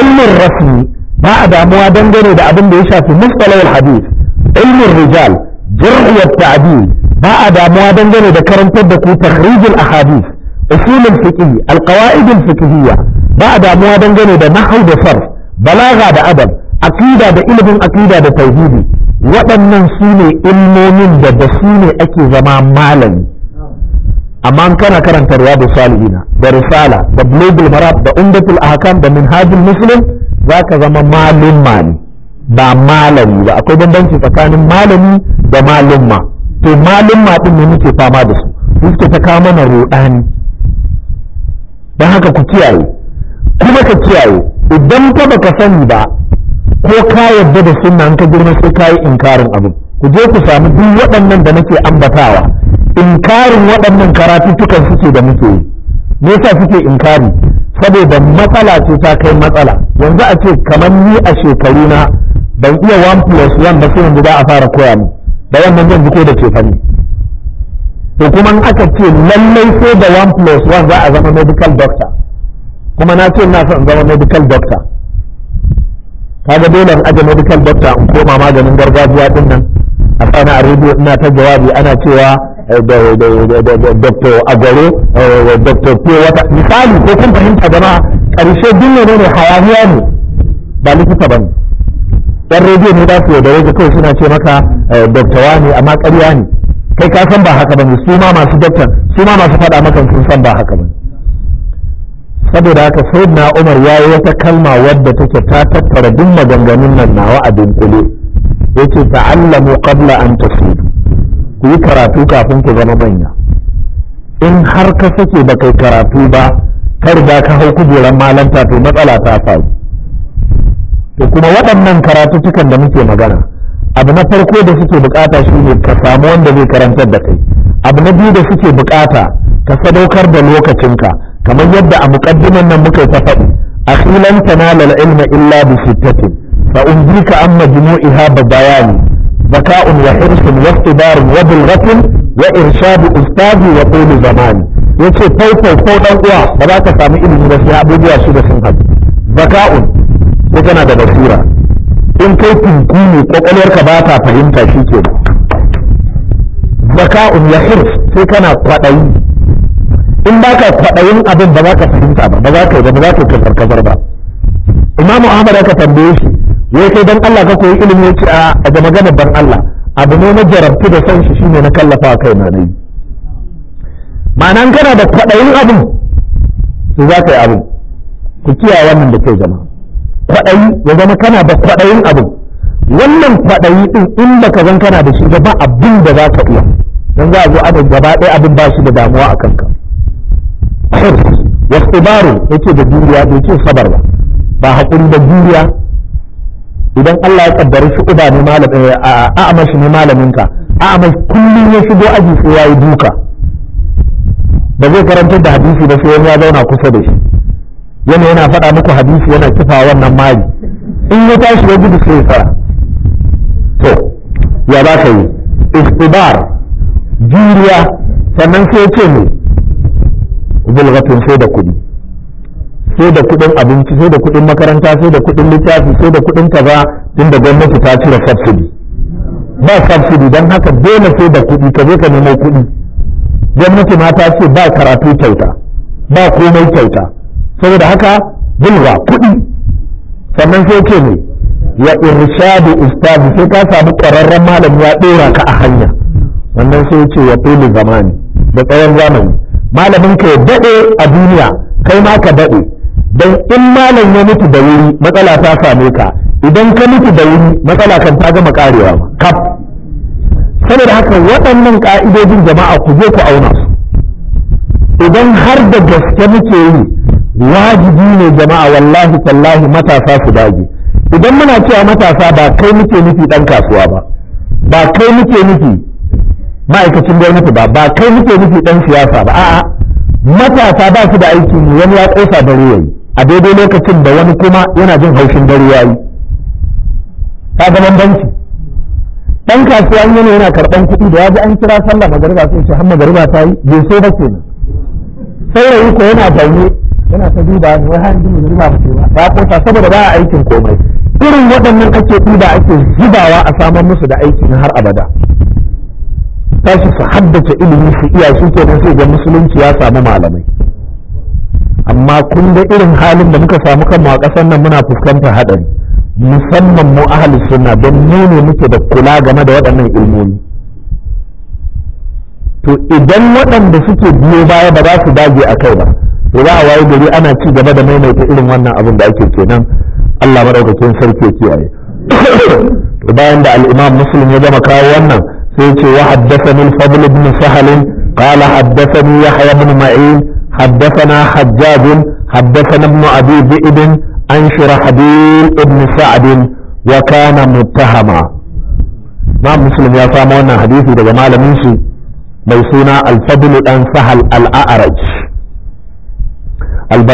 ilmin rasmi ba a damuwa dangane da abin da ya shafi mustalahul hadis ilmin rijal jar'iyat ta'dil ba a damuwa dangane da karantar da ku takhrijul ahadith usulul fiqh alqawaidul fiqhiyya ba a damuwa dangane da nahwu da sarf balaga da adab aqida da ilimin aqida da tauhidi waɗannan su ne ilmomin da da su ne ake zama malami amma kana karanta riyadu salihina da risala da bulugul marab da umdatul ahkam da minhajul muslim zaka zama malum mali ba malami ba akwai bambanci tsakanin malami da malumma to malin maɗin ne muke fama da su suke ta kawo mana ruɗani don haka ku kiyaye kuma ka kiyaye idan ta baka sani ba ko ka yarda da sunna ka girma sai ka yi inkarin abu ku je ku sami duk waɗannan da nake ambatawa inkarin waɗannan tukan suke da muke yi me yasa suke inkari saboda matsala ce ta kai matsala yanzu a ce kamar ni a shekaru na ban iya 1 plus 1 ba sai yanzu za a fara koya ni. da wannan zan ko da ke to kuma aka ce lallai sai da one plus one za a zama medical doctor kuma na ce na son zama medical doctor kaga dole in aje medical doctor in koma maganin gargajiya din nan a sana a rediyo ina ta jawabi ana cewa eh, dr agaro eh, dr wata misali ko kun fahimta jama'a karshe duk ne hayaniya ne ba likita ba ne yan rediyo ne ba su yaudare ka kawai suna ce maka Eh, doktawa ne amma ƙarya ne kai ka san ba haka bane su ma masu doktan su ma masu faɗa maka sun san ba haka bane saboda haka sayyidina Umar yayi wata kalma wadda take ta tattara duk maganganun nan nawa a dunkule yace ta'allamu qabla an tasidu ku yi karatu kafin ku zama manya in har ka sake ba kai karatu ba ka riga ka hau kujeran malanta to matsala ta faru to kuma waɗannan karatu tukan da muke magana abu na farko da suke bukata shine ka samu wanda zai karantar da kai abu na biyu da suke bukata ka sadaukar da lokacinka kamar yadda a muqaddiman nan muka ta faɗi akhilan tanala al-ilma illa bi sittatin fa umbika amma jumu'iha bayani ذكاء وحرص واختبار wa وإرشاد أستاذ وطول zamani yace faifai ko dan uwa ba za ka sami ilimi ba sai abubuwa su da sun haɗu zaka'un ko kana da basira in kai tunku ne kwakwalwarka ba ta fahimta shi ke zaka'un ya hirf sai kana kwaɗayi in ba ka kwaɗayin abin ba za ka fahimta ba ba za ka yi ba za ka yi kafar kafar ba imamu ahmad aka tambaye shi wai kai dan Allah ka koyi ilimi ce a ga maganar ban Allah abu ne na jarabtu da san shi shine na kallafa kai na nayi ma'ana kana da kwaɗayin abin to za ka yi abin ku kiyaye wannan da kai jama'a kwaɗayi ya zama kana da kwaɗayin abu wannan kwaɗayi ɗin in baka zan kana da shi ba abin da za ka iya don za a zo abin gaba ɗaya abin ba shi da damuwa a kanka ya tsibaru ya ce da juriya bai ce sabar ba ba haƙuri da juriya idan Allah ya kaddari shi uba ne malamin eh, a amashi ne malaminka a amashi kullum ya shigo aji sai ya yi duka ba zai karantar da hadisi ba sai ya zauna kusa da shi yana yana faɗa muku hadisi yana kifa wannan mari in ya tashi ya gudu sai fara to ya za ka yi istibar juriya sannan sai ce ne bulgatun sai da kuɗi sai da kuɗin abinci sai da kuɗin makaranta sai da kuɗin littafi sai da kuɗin kaza tun da gwamnati ta cire subsidy ba subsidy don haka dole sai da kuɗi ka je ka nemo kuɗi gwamnati ma ta ce ba karatu kyauta ba komai kyauta saboda haka bulwa kuɗi sannan sai ce ne ya irshadu ustazi sai ka samu ƙwararren malam ya ɗora ka a hanya wannan sai ce ya tuli zamani da tsawon zamani malamin ka ya daɗe a duniya kai ma ka daɗe don in malam ya mutu da wuri matsala ta same ka idan ka mutu da wuri matsala kan ta gama ƙarewa kaf saboda haka waɗannan ƙa'idojin jama'a ku je ku auna su idan har da gaske muke yi wajibi ne jama'a wallahi tallahi matasa su dage idan muna cewa matasa ba kai muke nufi dan kasuwa ba ba kai muke nufi ma'aikacin gwamnati ba ba kai muke nufi dan siyasa ba a'a matasa ba su da aikin wani ya kosa dare yayi a daidai lokacin da wani kuma yana jin haushin dare yayi ta gaban banki. dan kasuwa ne yana karban kuɗi da yaji an kira sallah magariba sun ce har magariba ta yi bai so ba kenan yi ko yana zaune yana ta duba ne wai har jini ba ba ba kota saboda ba aikin komai irin waɗannan ake duba ake zubawa a samar musu da aiki na har abada tashi su haddace ilimi su iya su ke sai ga musulunci ya samu malamai amma kun da irin halin da muka samu kanmu a ƙasar nan muna fuskantar haɗari musamman mu ahli sunna don mu ne muke da kula game da waɗannan ilmomi to idan waɗanda suke biyo baya ba za su dage a kai ba to a waye gari ana ci gaba da maimaita irin wannan abin da ake kenan Allah madaukakin sarki ya kiyaye to bayan da al-Imam Muslim ya gama kawo wannan sai ce wa haddathani al-Fadl ibn Sahal qala haddathani Yahya ibn Ma'in haddathana Hajjaj haddathana ibn Abi Dhi'b an Shurahbil ibn Sa'd wa kana muttahama Imam Muslim ya samu wannan hadisi daga malamin su mai suna al-Fadl dan Sahal al-A'raj al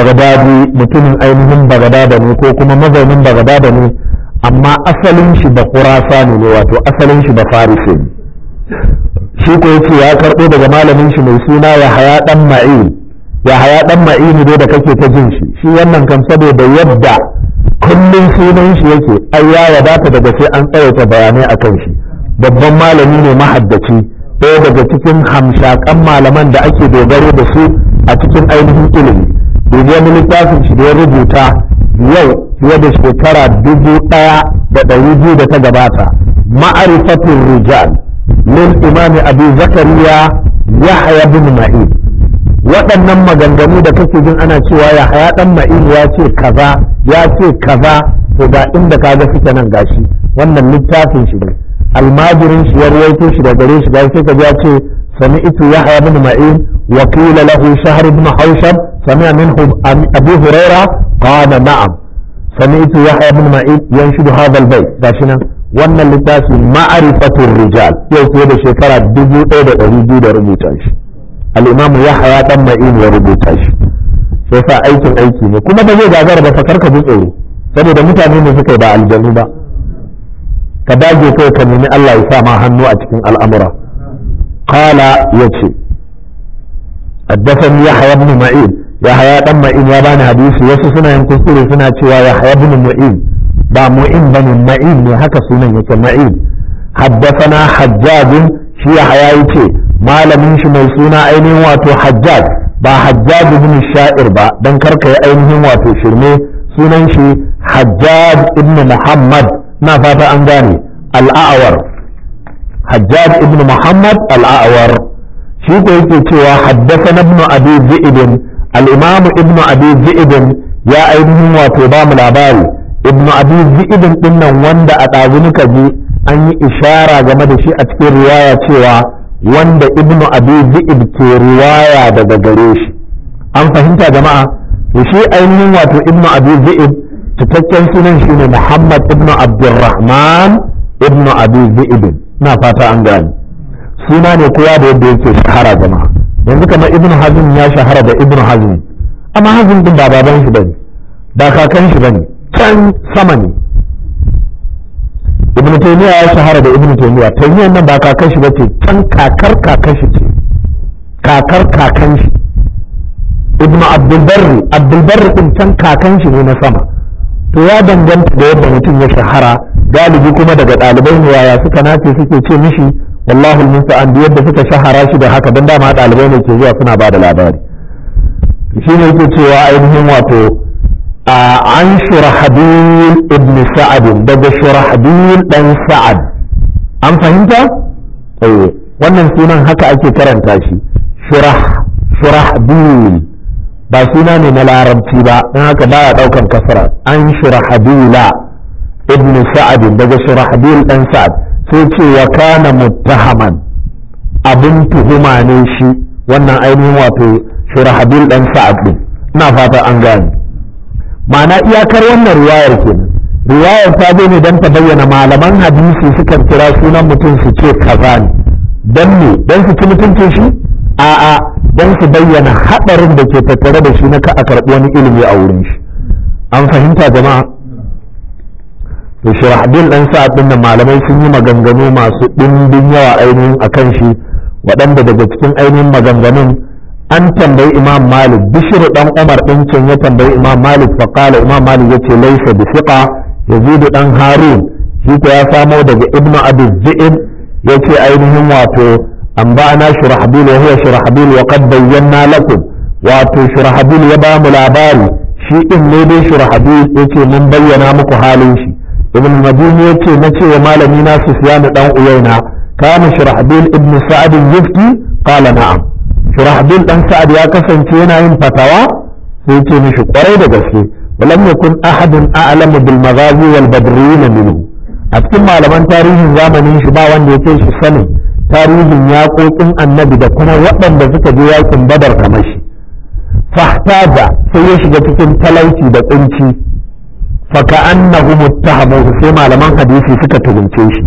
mutumin ainihin baghdada ne ko kuma mazaunin baghdada ne amma asalin shi ba kurasani ne wato asalin shi ba farisi ne shi ko yace ya karɓo daga malamin shi mai suna Yahaya dan Ma'in Yahaya dan Ma'in ne da kake ta jin shi shi wannan kam saboda yadda kullum sunan shi yake ai ya wadata daga sai an tsawaita bayanai akan shi babban malami ne mahaddaci ɗaya daga cikin hamshakan malaman da ake dogaro da su a cikin ainihin ilimi dubi wani littafin shi da ya rubuta yau fiye da shekara dubu ɗaya da ɗari biyu da ta gabata ma'arifatin rijal lil imami abu zakariya haya bin ma'in waɗannan maganganu da kake jin ana cewa yahaya ɗan ma'in ya ce kaza ya ce kaza to ga inda kaga suke nan gashi wannan littafin shi ne almajirin shi ya ruwaito shi da gare shi gashi sai ka ya ce sami itu yahya bin ma'in وقيل له شهر بن حوشب سمع منه أبي هريرة قال نعم سمعت يحيى بن معيد ينشد هذا البيت داشنا وانا لتاس معرفة الرجال يوفي هذا شكرا دبو ايدا رجو دا ربوتاش الامام يحيى تم معيد وربوتاش شفا ايكي ايكي كما بزي دازار بفكرك بسعي saboda mutane ne suka yi ba aljanu ba ka dage kai ka nemi Allah ya sa ma hannu a cikin al'amura qala yace haddathani yahya ibn ma'in yahya dan ma'in ya bani hadisi wasu suna yin kuskure suna cewa yahya ibn ma'in ba mu'in bane ma'in ne haka sunan yake ma'in haddasana hajjajin shi yahya yace malamin shi mai suna ainihin wato hajjaj ba hajjaj ibn sha'ir ba dan karka yi ainihin wato shirme sunan shi hajjaj ibn muhammad na fata an gane al'awar hajjaj ibn muhammad al'awar shi ko yake cewa haddasa ibn abi zi'ibin al-imam ibn abi zi'ibin ya ainihin wato ba mu labari ibn abi zi'ibin din nan wanda a ɗazu muka ji an yi ishara game da shi a cikin riwaya cewa wanda ibn abi zi'ib ke riwaya daga gare shi an fahimta jama'a to shi ainihin wato ibn abi zi'ib cikakken sunan shine muhammad ibn abdurrahman ibn abi zi'ib na fata an gani suna ne kowa da yadda yake shahara zama yanzu kamar ibn hazm ya shahara da ibn hazm amma hazm din ba baban shi bane ba kakan shi bane can sama ne ibn taymiya ya shahara da ibn taymiya taymiya nan ba kakan shi bace can kakar kakan shi ce kakar kakan shi ibn abdul barri abdul din can kakan shi ne na sama to ya danganta da yadda mutum ya shahara galibi kuma daga ɗalibai ne yaya suka nace suke ce mishi wallahi musa'an duk yadda suka shahara shi da haka dan dama ɗalibai ne ke zuwa suna ba da labari shi ne yake cewa ainihin wato a an shurahbil ibn sa'ad daga shurahbil dan sa'ad an fahimta eh wannan sunan haka ake karanta shi shurah shurahbil ba suna ne na larabci ba don haka baya daukan kasara an shurahbila ibn sa'ad daga shurahbil dan sa'ad sai ce wa kana muttahaman abin tuhuma ne shi wannan ainihin wato shurahabil dan sa'ad din ina fata an gane ma'ana iyakar wannan riwayar kenan riwayar ta zo ne don ta bayyana malaman hadisi sukan kira sunan mutum su ce kaza ne don ne don su ci mutuncin shi a'a don su bayyana haɗarin da ke tattare da shi na ka a karɓi wani ilimi a wurin shi an fahimta jama'a to shirahdin dan sa'ad din da malamai sun yi maganganu masu ɗimbin yawa ainihin akan shi waɗanda daga cikin ainihin maganganun an tambayi imam malik bishiru dan umar din can ya tambayi imam malik faqala imam malik yace laysa bi fiqa yazidu dan harun shi ya samo daga ibnu abi zi'ib yace ainihin wato أنبأنا شرحبيل وهو شرحبيل وقد بينا لكم واتو شرحبيل يبا ملاباري شيء إن dai شرحبيل yace mun bayyana muku halin shi. ibn madini yace na ce wa malami na sufyan dan uwaina kana shirahbil ibn sa'ad yufti qala na'am shirahbil dan sa'ad ya kasance yana yin fatawa sai ce mishi kwarai da gaske ولم يكن أحد أعلم بالمغازي والبدريين منه a cikin malaman tarihin zamanin shi ba wanda ya ce shi sani tarihin yaƙoƙin annabi da kuma waɗanda suka je yaƙin badar kamar shi fahtaja sai ya shiga cikin talauci da tsinci. faka annahu muttahamu sai malaman hadisi suka tuhumce shi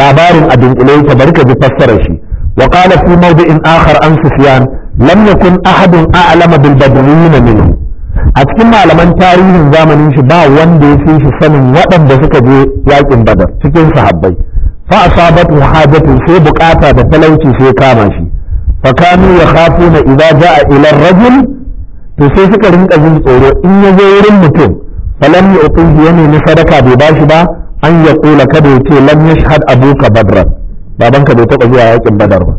labarin a dunkule yake bari ka ji fassarar shi wa qala fi mawdi'in akhar an sufyan lam yakun ahadun a'lama bil badriyyin minhu a cikin malaman tarihin zamanin shi ba wanda ya fi shi sanin waɗanda suka je yakin badar cikin sahabbai fa asabatu hajatu sai bukata da talauci sai kama shi fa kanu yakhafuna idza jaa ila ar-rajul to sai suka rinka jin tsoro in ya zo wurin mutum falam ya utuhi ya sadaka bai bashi ba an ya kula kada ya ce lam yashhad abuka badran babanka bai taba zuwa yakin badar ba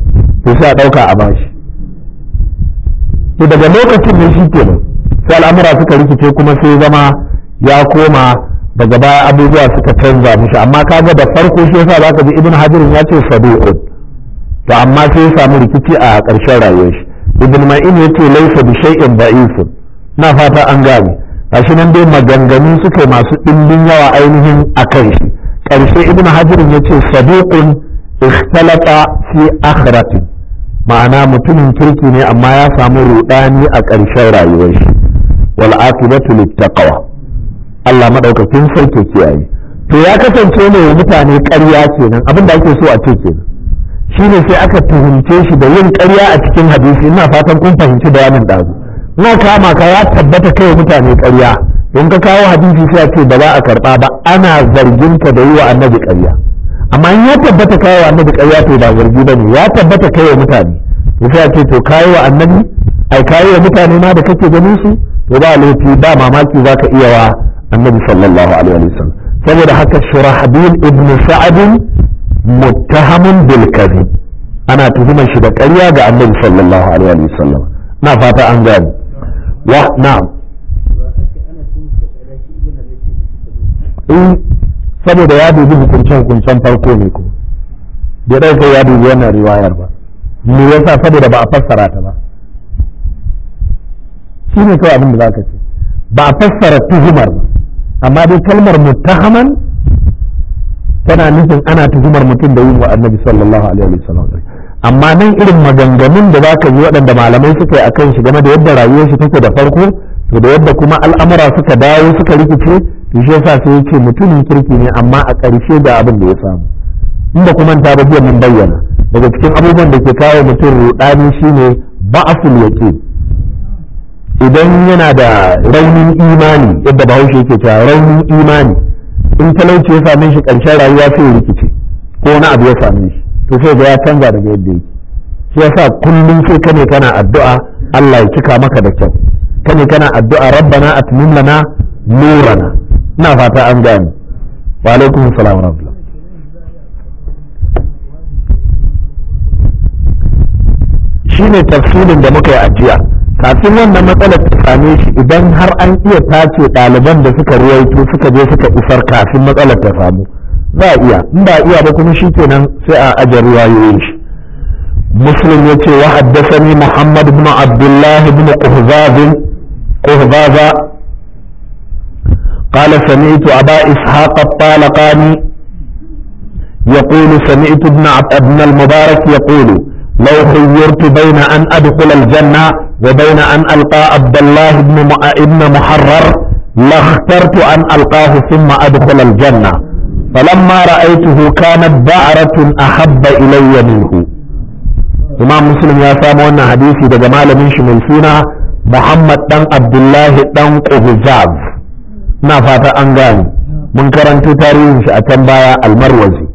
to sai a dauka a bashi to daga lokacin ne shi kenan sai al'amura suka rikice kuma sai zama ya koma daga baya abubuwa suka canza mishi amma kaga da farko shi yasa zaka ji ibn hajar ya ce sadu'un to amma sai ya samu rikici a ƙarshen rayuwar shi ibn ma'in ya ce laysa bi shay'in da'ifun na fata an gane gashi nan dai maganganu suka masu ɗimbin yawa ainihin a kai shi ƙarshe ibn hajirin ya ce sadiqun ikhtalata fi akhiratin ma'ana mutumin kirki ne amma ya samu rudani a ƙarshen rayuwar shi wal aqibatu littaqwa Allah madaukakin sarki kiyaye to ya kasance ne mutane ƙarya kenan abin da ake so a ce kenan shine sai aka fahimce shi da yin ƙarya a cikin hadisi ina fatan kun fahimci bayanin dazu na kama ka ya tabbata kai mutane ƙarya in ka kawo hadisi sai ce ba za a karba ba ana zargin ka da yi wa annabi ƙarya amma in ya tabbata kai wa annabi ƙarya to ba zargi bane ya tabbata kai wa mutane sai ce to kai wa annabi ai kai wa mutane ma da kake ganin su to ba laifi ba mamaki zaka iya wa annabi sallallahu alaihi wasallam saboda haka shurahbil ibn sa'd muttahamun bil kadhib ana tuhumar shi da ƙarya ga annabi sallallahu alaihi wasallam na fata an gani wa na'am eh, saboda ya dubi hukuncen hukuncen farko ne ko bai dai kai ya dubi wannan riwayar ba me yasa saboda ba a fassara ta ba shi ne kawai abin da zaka ce ba a fassara tuhumar ba amma dai kalmar mutahaman tana nufin ana tuhumar mutum da yin wa annabi sallallahu alaihi wasallam amma nan irin maganganun da za ka ji waɗanda malamai suka yi kan shi game da yadda rayuwar shi take da farko to da yadda kuma al'amura suka dawo suka rikice to shi yasa sai yace mutumin kirki ne amma a ƙarshe ga abin da ya samu in ba kuma ta ba biyan mun bayyana daga cikin abubuwan da ke kawo mutum ruɗani shine ba'asul yaqin idan yana da raunin imani yadda bahaushe yake cewa raunin imani in talauci ya same shi ƙarshen rayuwa sai ya rikice ko wani abu ya same shi to sai ga ya canza daga yadda yake shi yasa kullum sai kane kana addu'a Allah ya cika maka da kyau kane kana addu'a rabbana atmim lana nurana ina fata an gane wa alaikum assalam rabbi shine tafsirin da muka yi ajiya kafin wannan matsalar ta same shi idan har an iya tace ɗaliban da suka ruwaito suka je suka isar kafin matsalar ta samu ba iya in ba iya ba kuma kenan sai a ajar wayoyin shi muslim ya ce wa haddasani muhammad ibn abdullah ibn quhzaz quhzaza قال سمعت أبا إسحاق الطالقاني يقول سمعت ابن ابن المبارك يقول لو خيرت بين أن أدخل الجنة وبين أن ألقى عبد الله بن محرر لاخترت أن ألقاه ثم أدخل الجنة mara falamma ra'aituhu kanat ba'ratun ahabba ilayya minhu imam muslim ya samu wannan hadisi daga malamin shi mai suna muhammad ɗan abdullahi dan qubzab na fata an gane mun karanto tarihin shi a can baya almarwazi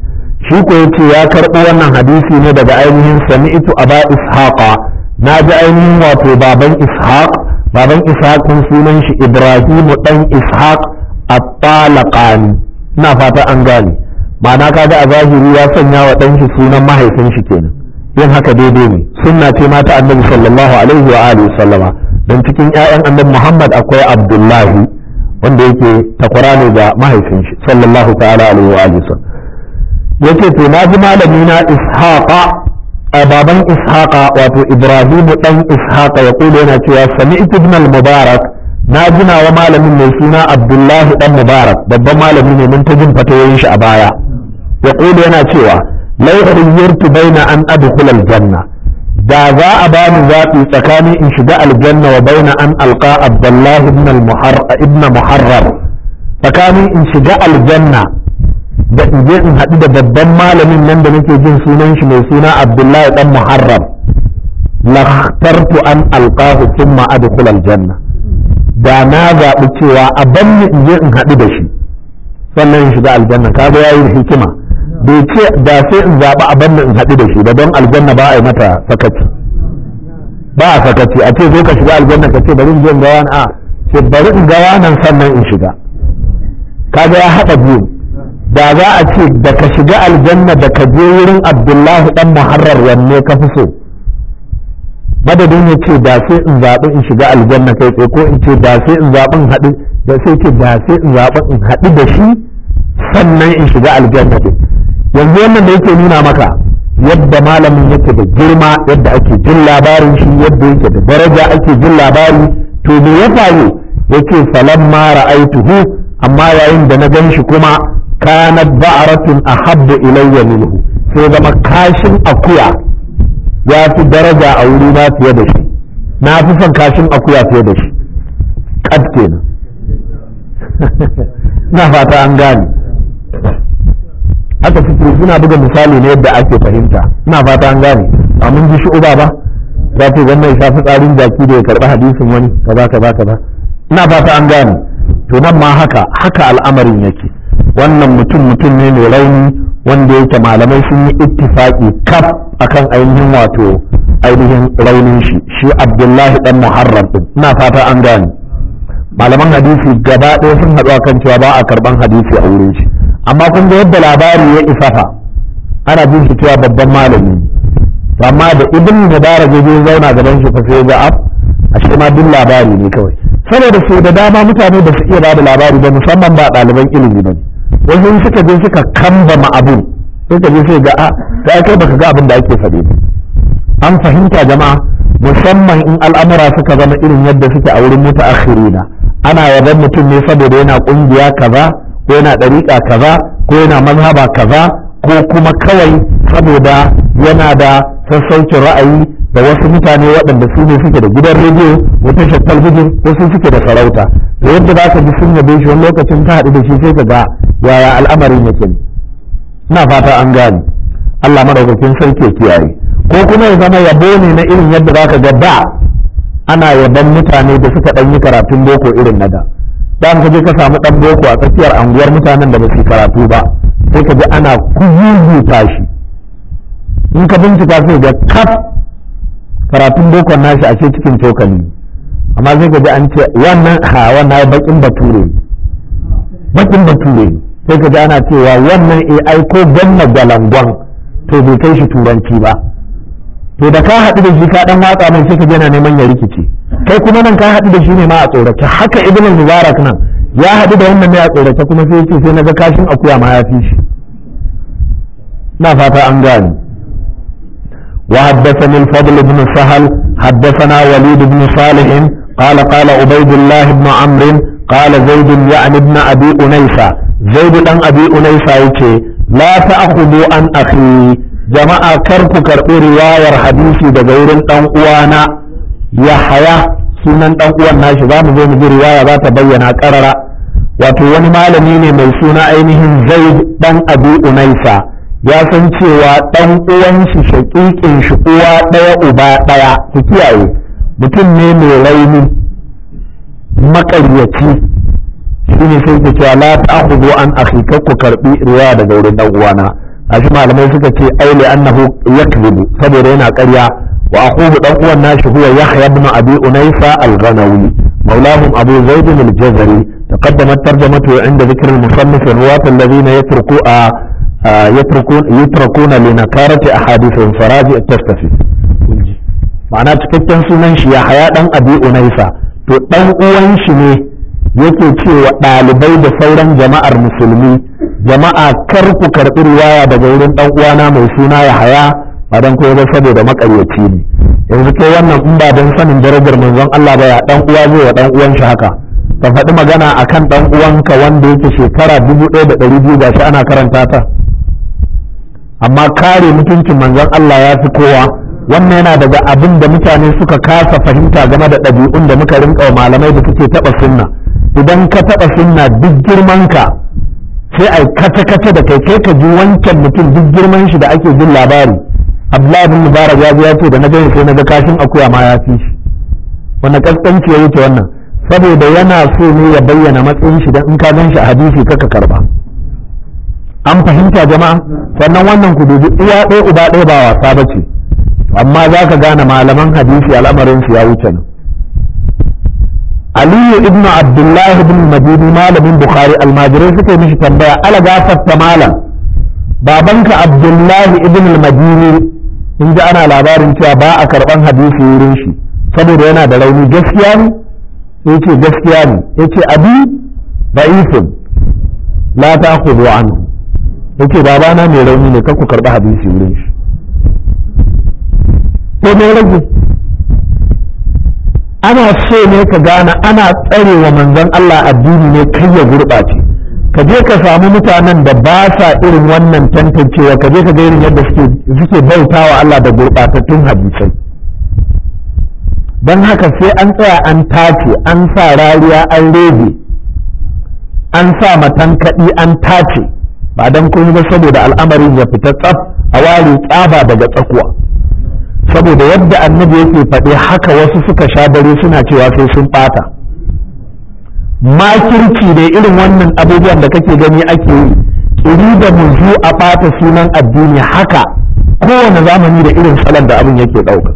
shi yace ya karbo wannan hadisi ne daga ainihin sami'tu aba ishaqa ji ainihin wato baban ishaq baban ishaq sunan shi ibrahimu ɗan ishaq at-talaqani ina fata an gane ma'ana kaga a zahiri ya sanya wa ɗanshi shi sunan mahaifin shi kenan yin haka daidai ne sunna ce mata annabi sallallahu alaihi wa alihi sallama don cikin ƴaƴan annabi Muhammad akwai Abdullahi wanda yake takwara ne ga mahaifin shi sallallahu ta'ala alaihi wa alihi sallam yace to na ji malami na Ishaqa baban Ishaqa wato Ibrahim dan Ishaqa ya kula yana cewa sami'tu ibn al-Mubarak na gina wa malamin mai suna abdullahi dan mubarak babban malami ne mun ta jin fatayoyin shi a baya ya kulu yana cewa lai khayyartu baina an adkhula aljanna da za a bani zaɓi tsakanin in shiga aljanna wa baina an alqa abdullahi ibn muharrar tsakanin in shiga aljanna da in je in haɗu da babban malamin nan da nake jin sunan shi mai suna abdullahi dan muharrar la an alqahu thumma adkhula aljanna da na zaɓi cewa a ban ni in je in haɗu da shi sannan in shiga aljanna kaga yayi hikima bai ce da sai in zaɓi a ban ni in haɗu da shi ba don aljanna ba a yi mata sakaci ba a sakaci a ce zo ka shiga aljanna ka ce bari in je in ga wani a ce bari in ga wannan sannan in shiga ga ya haɗa biyu da za a ce da ka shiga aljanna da ka je wurin abdullahi dan muharrar wanne ka fi so madadin ya ce da sai in zaɓi in shiga aljanna kai tsaye ko in ce da sai in zaɓi in haɗu da sai da sai in zaɓi in haɗu da shi sannan in shiga aljanna ɗin yanzu wannan da yake nuna maka yadda malamin yake da girma yadda ake jin labarin shi yadda yake da daraja ake jin labari to me ya faru yake falamma ra'aituhu amma yayin da na gan shi kuma kanat ba'ratun ahabbu ilayya minhu sai zama kashin akuya ya fi daraja a wuri na fiye da shi na fi son kashin akuya fiye da shi kad kenan na fata an gane haka fikiri suna buga misali ne yadda ake fahimta ina fata an gane A mun ji uba ba za ku wannan shafi tsarin jaki da ya karɓi hadisin wani kaza kaza kaza ina fata an gane to nan ma haka haka al'amarin yake wannan mutum mutum ne mai rauni wanda yake malamai sun yi ittifaki kaf akan ainihin wato ainihin raunin shi shi abdullahi dan muharram din ina fata an gane malaman hadisi gaba ɗaya sun haɗu a kan cewa ba a karban hadisi a wurin shi amma kun ga yadda labari ya isa fa, ana jin shi cewa babban malami amma da ibn mubarak ya zauna gaban shi fa sai ga a shi ma duk labari ne kawai saboda su da dama mutane ba su iya bada labari ba musamman ba ɗaliban ilimi ba ne wasu suka je suka kamba ma abu ka je sai ga a ah, da kai baka ga abin da ake faɗi an fahimta jama'a musamman in al'amura suka zama irin yadda suke a wurin na ana yaban mutum ne saboda yana kungiya kaza ko yana ɗariƙa kaza ko yana mazhaba kaza ko kuma kawai saboda yana da sassaucin ra'ayi da wasu mutane waɗanda su ne suke da gidan rediyo ko tashar talbijin ko suke da sarauta da yadda za ka ji sun yabe shi wani lokacin ta haɗu da shi sai ka ga yaya al'amarin yake ne ina fata an gane Allah madaukakin sarki kiyaye ko kuma ya zama yabo ne na irin yadda zaka ga da ana yaban mutane da suka dan yi karatun boko irin na da dan ka je ka samu dan boko a tsakiyar anguwar mutanen da ba su karatu ba sai ka ji ana kuyuzuta shi in ka bincika sai ga kaf karatun bokon nashi a ce cikin cokali amma sai ka ji an ce wannan ha wannan bakin bature bakin bature sai ka ana cewa wannan AI ko ganna galangon to bai kai shi turanci ba to da ka haɗu da shi ka dan watsa mai sai ka yana neman ya rikice kai kuma nan ka haɗu da shi ne ma a tsorace haka ibn mubarak nan ya haɗu da wannan ne a tsorace kuma sai yake sai ga kashin akuya ma ya fi shi na fata an gane وحدثني الفضل بن سهل حدثنا وليد بن صالح قال قال عبيد الله بن عمرو قال زيد يعني ابن ابي انيسه zaidu dan abi unaisa yace la ta'khudhu an akhi jama'a kar ku karbi riwayar hadisi daga wurin dan uwana yahaya sunan dan uwan nashi za mu zo mu ji riwaya za ta bayyana karara wato wani malami ne mai suna ainihin zaid dan abi unaisa ya san cewa dan uwan shi shaƙiƙin shi uwa daya uba daya ku kiyaye mutum ne mai raini makaryaci shine sai ku cewa la ta'khudhu an akhi kar ku karbi ruwa daga wurin dan uwana shi malamai suka ce ai li annahu yakzibu saboda yana ƙarya wa akhuhu dan uwan nashi huwa yahya ibn abi unaysa al-ghanawi maulahum abu zaid al-jazari تقدمت ترجمته عند ذكر المصنف الرواة الذين يتركوا يتركون يتركون لنكارة أحاديثهم فراجع تستفي ma'ana cikakken sunan shi ya haya dan abi unaisa to dan uwan shi ne yake cewa ɗalibai da sauran jama'ar musulmi jama'a kar ku karɓi riwaya daga wurin ɗan uwana mai suna ya haya ba don koyo ba saboda makaryaci ne yanzu kai wannan in ba don sanin darajar manzon Allah ba ya ɗan uwa zai wa ɗan uwan shi haka ka faɗi magana akan ɗan uwanka wanda yake shekara dubu ɗaya da ɗari biyu gashi ana karanta ta amma kare mutuncin manzon Allah ya fi kowa wannan yana daga abin da mutane suka kasa fahimta game da ɗabi'un da muka rinka wa malamai da suke taɓa sunna idan ka taɓa sunna duk girmanka sai a kata-kata da kai kai ka ji wancan mutum duk girman shi da ake jin labari abdullahi bin mubarak ya ya ce da na gani sai na ga kashin akuya ma ya fi shi wannan kaskanci ya wuce wannan saboda yana so ne ya bayyana matsayin shi da in ka gan shi a hadisi ka karba an fahimta jama'a sannan wannan ku dubi iya ɗaya uba ɗaya ba wasa ba ce amma za ka gane malaman hadisi al'amarin su ya wuce nan aliyu ibn abdullahi ibn madini malamin bukhari almajirai suka yi mishi tambaya ala gafarta malam babanka abdullahi ibn madini in ji ana labarin cewa ba a karban hadisi wurin shi saboda yana da rauni gaskiya ne ya ce gaskiya ne ya ce abi da'ifin la ta kudu anhu ya ce babana mai rauni ne kan ku karɓi hadisi wurin shi ko mai rage ana so ne ka gane ana tsarewa manzon Allah addini ne kai ya gurbace ka je ka samu mutanen da ba sa irin wannan tantancewa ka je ka ga irin yadda suke suke bautawa Allah da gurɓatattun hadisai don haka sai an tsaya an tace an sa rariya an rege an sa matankaɗi an tace ba don kun ba saboda al'amarin ya fita tsaf a ware tsaba daga tsakuwa saboda yadda annabi yake faɗi haka wasu suka sha dare suna cewa sai sun ɓata makirci da irin wannan abubuwan da kake gani ake yi iri da muzu a ɓata sunan addini haka kowane zamani da irin salon da abin yake ɗauka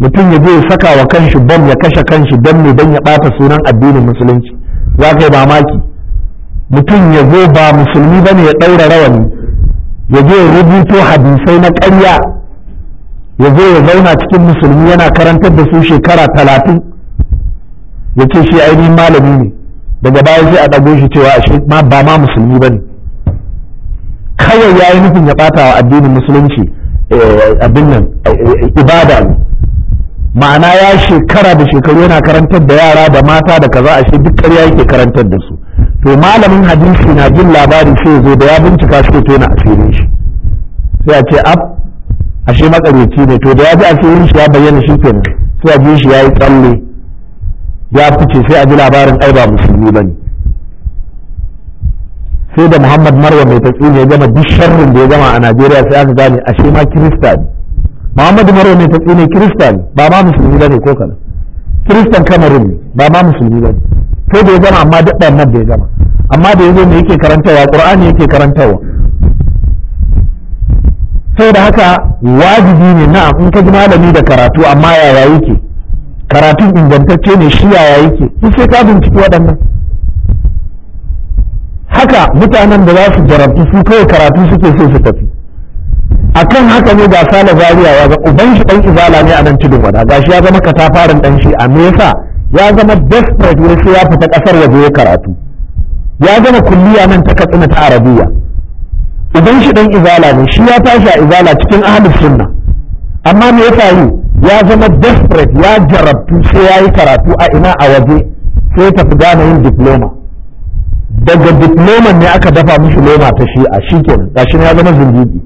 mutum ya je ya saka wa kanshi bom ya kashe kanshi don ne don ya ɓata sunan addinin musulunci za ka yi mamaki mutum ya zo ba musulmi ba ne ya ɗaura rawani ya je ya rubuto hadisai na ƙarya ya zo ya zauna cikin musulmi yana karantar da su shekara talatin ya ce shi ainihin malami ne daga baya sai a ɗago shi cewa a ma ba ma musulmi ba ne kawai ya yi nufin ya ɓata wa addinin musulunci eh, abin nan eh, ibada ne ma'ana ya shekara da shekaru yana karantar da yara da mata da kaza ashe duk ƙarya yake karantar da su to malamin hadisi na jin labari sai zo da ya bincika sai tona asirin shi sai a ce ashe matsaloli ne to da ya ji cikin shi ya bayyana shi kenan sai a ji shi ya yi tsalle ya fice sai a ji labarin ai ba musulmi ba ne sai da muhammad marwa mai tatsi ne ya gama duk sharrin da ya gama a najeriya sai aka gane ashe ma kirista ne muhammad marwa mai tatsi ne kirista ne ba ma musulmi ba ne ko kana kiristan kamarin ne ba ma musulmi ba ne sai da ya gama amma duk nan da ya gama amma da ya zo me yake karantawa ƙur'ani yake karantawa saboda haka wajibi ne na in ka ji malami da karatu amma yaya yake karatun ingantacce ne shi yaya yake duk sai ka binciki waɗannan haka mutanen da za su jarabtu su kawai karatu suke so su tafi a kan haka ne ga sala zariya ya ga uban shi dan izala ne a nan cikin wada shi ya zama katafarin dan shi a me yasa ya zama desperate ne sai ya fita ƙasar waje ya karatu ya zama kulliya nan ta katsina ta arabiya idan shi dan izala ne shi ya tashi a izala cikin ahlus sunna amma me ya yi ya zama desperate ya jarabtu sai ya yi karatu a ina a waje sai ya tafi gane yin diploma daga diploma ne aka dafa mishi loma ta shi a kenan gashi ya zama zindigi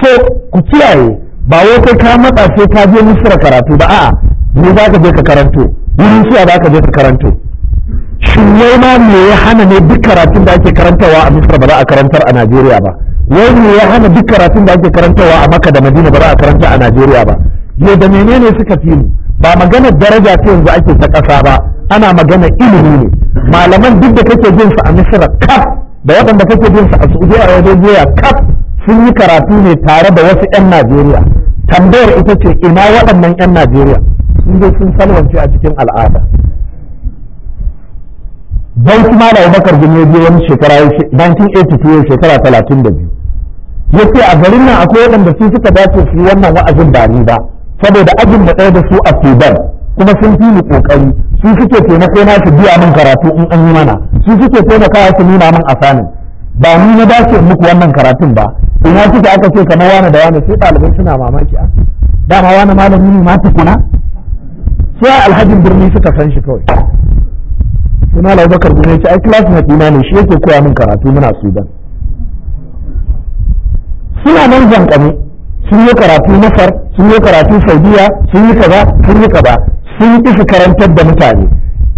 so ku kiyaye ba wai kai ka matsa sai ka je musu karatu ba a'a ni za ka je ka karanto wurin suwa za ka je ka karanto shin yau ma me ya hana ne duk karatun da ake karantawa a misra ba za a karantar a najeriya ba yau me ya hana duk karatun da ake karantawa a makka da madina ba za a karanta a najeriya ba ya da menene suka fi mu ba magana daraja ce yanzu ake ta ƙasa ba ana magana ilimi ne malaman duk da kake jin su a misra kaf da waɗanda kake jin su a saudi arabia kaf sun yi karatu ne tare da wasu 'yan najeriya tambayar ita ce ina waɗannan 'yan najeriya sun je sun salwance a cikin al'ada dan kuma da Abubakar Gumi biyu wani shekara 1982 shekara 32 yace a garin nan akwai waɗanda su suka dace su yi wannan wa'azin ba ni ba saboda ajin da ɗaya da su a Sudan kuma sun fi ni kokari su suke taimako na su biya min karatu in an yi mana su suke taimakawa su nuna min asanin ba ni na dace muku wannan karatun ba ina suke aka ce kamar wani da wani sai ɗalibai suna mamaki a ah, dama wani malami ne ma tukuna sai alhajin birni suka san shi kawai suna malam bakar gune ce ai classmate ne shi yake koya min karatu muna sudan suna nan zankane sun yi karatu masar sun yi karatu saudiya sun yi kaza sun yi kaza sun yi su karantar da mutane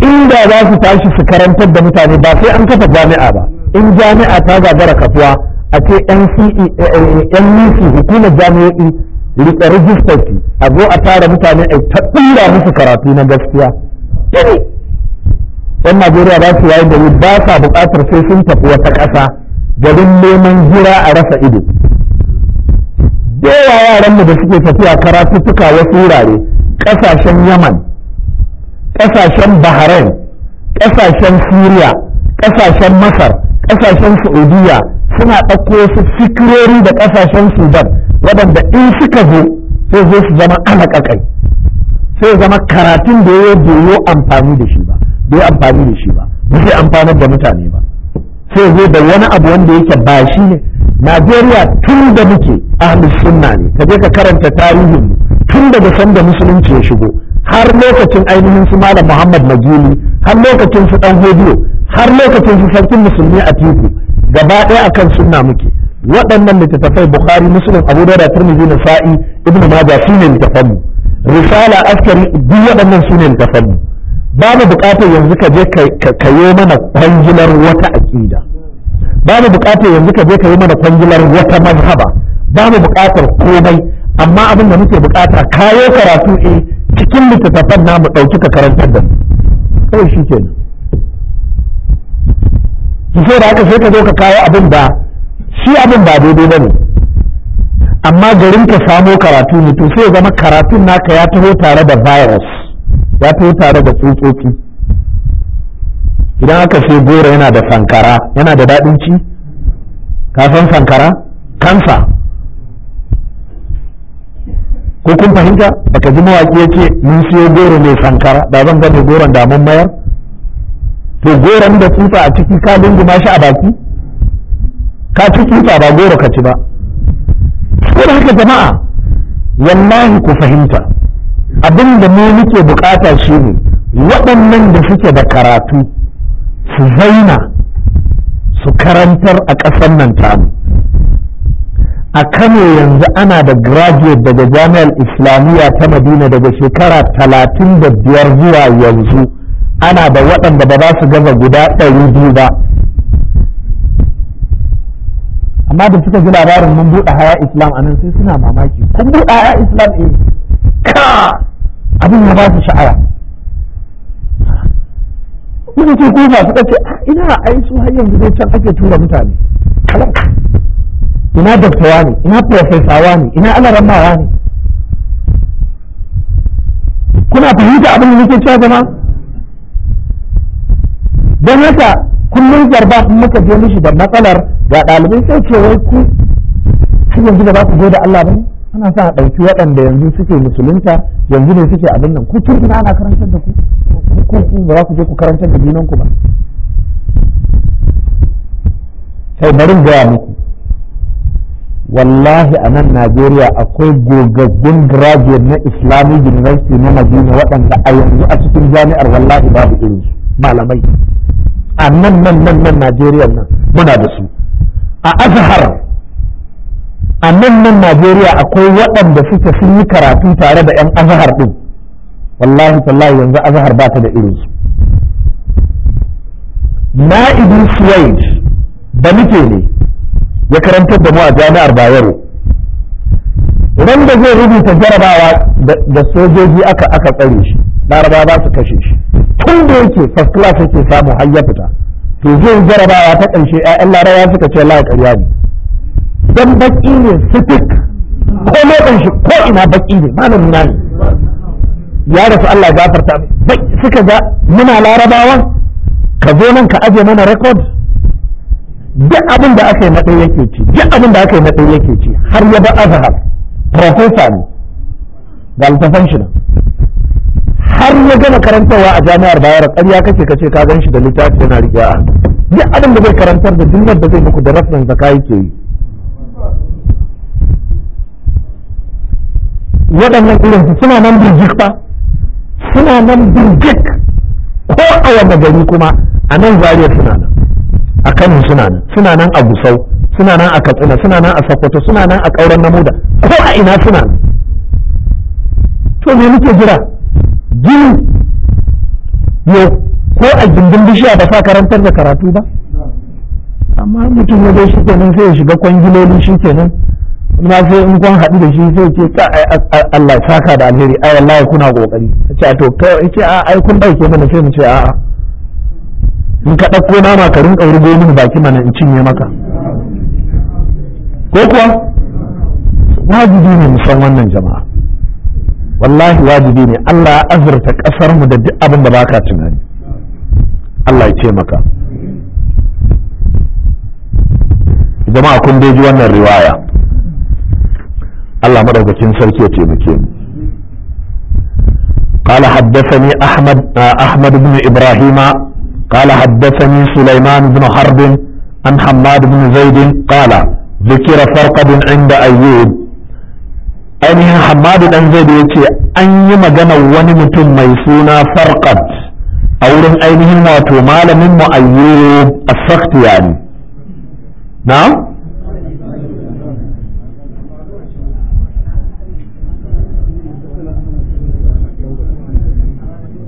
inda za su tashi su karantar da mutane ba sai an kafa jami'a ba in jami'a ta gagara kafuwa a ce nc e, eh, eh, e, hukumar jami'o'i rika rijistar a zo a tara mutane a ta musu karatu na gaskiya 'yan najeriya ba su da gari ba sa buƙatar sai sun tafi wata ƙasa garin neman jira a rasa ido yaran mu da suke tafiya karatuttuka wasu wurare ƙasashen yaman ƙasashen bahrain ƙasashen syria ƙasashen masar ƙasashen saudiya suna ɗauko wasu fikirori da ƙasashen sudan waɗanda in suka zo sai zo su zama alaƙaƙai sai zama karatun da ya doyo amfani da shi ba bai amfani da shi ba ba zai amfanar da mutane ba sai zai da wani abu wanda yake ba shi ne Najeriya tun da muke ahlus sunna ne ka je ka karanta tarihin mu tun daga sanda musulunci ya shigo har lokacin ainihin su malam Muhammad Majuli har lokacin su dan Hodiyo har lokacin su sarkin musulmi a titi gaba ɗaya akan sunna muke waɗannan littattafai Bukhari Muslim Abu Dawud Tirmidhi Nasa'i Ibn Majah su ne risala askari duk waɗannan su ne ba mu buƙatar yanzu ka je ka yi mana kwangilar wata aƙida ba mu buƙatar yanzu ka je ka yi mana kwangilar wata mazhaba ba mu buƙatar komai amma abin da muke bukata kayo karatu e cikin littattafan namu ɗauki ka karantar da kawai shi kenan su so da haka sai ka zo ka kawo abin da shi abin ba daidai ba ne amma garin ka samo karatu ne to sai zama karatun naka ya taho tare da virus ya to tare da tsotsotsi idan aka ce goro yana da sankara yana da daɗin ci kafin sankara kansa ko kun fahimta baka ji mawaƙi ya ce mun siyo goro mai sankara Ba zan gane goron da mun mayar to goron da tsufa a ciki ka dinguma shi a baki ka ci tsufa ba goro ka ci ba Ko da haka jama'a wallahi ku fahimta abin da mu muke bukata shi ne waɗannan da suke da karatu su zaina su karantar a ƙasar nan tamu a kano yanzu ana da graduate daga jami'ar islamiyya ta madina daga shekara talatin da biyar zuwa yanzu ana da waɗanda ba za su gaza guda ɗari biyu ba amma da suka ji labarin mun buɗe haya islam a nan sai suna mamaki kun buɗe haya islam eh ka abin ya ba su sha'awa Ina ce ko masu ɗace ce ah, ina ai su har yanzu dai can ake tura mutane ina daktawa ne ina profesawa ne ina alarammawa ne kuna fahimta abin da nake cewa zama don haka kullum zarba in muka je mishi da matsalar ga ɗalibai sai ce wai ku har yanzu da ba ku zo da Allah ba ne ana sa a ɗauki waɗanda yanzu suke musulunta yanzu ne suke abin nan ku tun ana karantar da ku ko ku ba za ku je ku karantar da ba sai bari gaya muku wallahi a nan najeriya akwai gogaggun graduate na islamic university na madina waɗanda a yanzu a cikin jami'ar wallahi babu irin su malamai a nan nan nan nan najeriya nan muna da su a azhar a nan nan najeriya akwai waɗanda suke sun yi karatu tare da 'yan azahar ɗin wallahi tallahi yanzu azahar ba ta da irinsu na'ibin suwaid da muke ne ya karantar da mu a jami'ar bayero idan da zai rubuta jarabawa da sojoji aka aka tsare shi laraba ba su kashe shi tun da yake first class yake samu har ya fita to zai jarabawa ta ƙarshe 'ya'yan laraba suka ce la ƙarya ne dan baki ne sitik ko lokan shi ko ina baki ne malamin na ne ya rasu Allah gafarta mai suka ga muna larabawa ka zo nan ka aje mana rekod duk abin da aka yi na yake ci duk abin da aka yi na yake ci har ya ba azhar profesa ne ga alfafan shi nan har ya gama karantarwa a jami'ar bayar ƙarya kake ka ce ka gan shi da littafi yana riƙe a duk abin da zai karantar da duniyar da zai muku da rafin zaka yake yi waɗannan su suna nan birjik ba suna nan birjik ko a wanda gari kuma a nan zariyar suna nan a kanin suna nan suna nan a gusau suna nan a katsina suna nan a sakwato suna nan a ƙauren namuda ko a ina suna nan to me muke jira gini yo ko a gindin bishiya ba sa karantar da karatu ba amma mutum ya zai shi kenan sai ya shiga kwangiloli shi kenan na sai in kun haɗu da shi sai ce ka Allah saka da alheri ai wallahi kuna kokari ce to kai yake a ai kun dauke mana sai mu ce a'a in ka dauko nama ka rinka rugo mini baki mana in cinye maka ko kuwa wajibi ne mu san wannan jama'a wallahi wajibi ne Allah ya azurta kasar mu da duk abin da baka tunani Allah ya ce maka jama'a kun dai ji wannan riwaya Allah madaukakin sarki ya taimake mu قال حدثني أحمد أحمد بن إبراهيم قال حدثني سليمان بن حرب عن حماد بن زيد قال ذكر فرقد عند أيوب ainihin hamadu dan zai ya ce an yi maganar wani mutum mai suna farkat a wurin ainihin wato malamin mu ayyub as-sakhtiyani na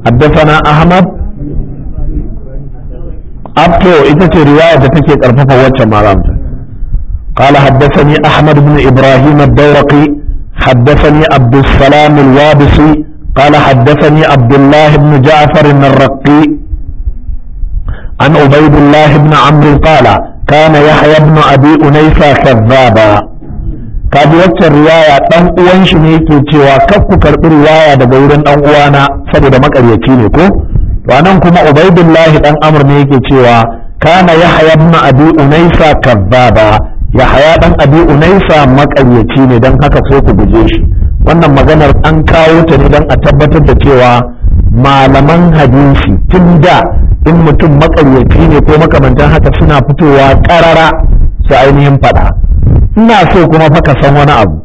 حدثنا أحمد أبتو إتتي رواية تكي كرففة وجه مرام قال حدثني أحمد بن إبراهيم الدورقي حدثني عبد السلام الوابسي قال حدثني عبد الله بن جعفر الرقي عن عبيد الله بن عمرو قال كان يحيى بن أبي أنيسة كذابا kaji waccan riwaya dan uwan shi ne yake cewa kar ku karbi riwaya daga wurin dan uwana saboda makaryaci ne ko to anan kuma ubaidullah ɗan amr ne yake cewa kana yahya ibn abi unaisa kazzaba yahya ɗan abi unaisa makaryaci ne dan haka sai ku guje shi wannan maganar an kawo ta ne dan a tabbatar da cewa malaman hadisi tun da in mutum makaryaci ne ko makamantan haka suna fitowa karara su ainihin fada ina so kuma fa ka san wani abu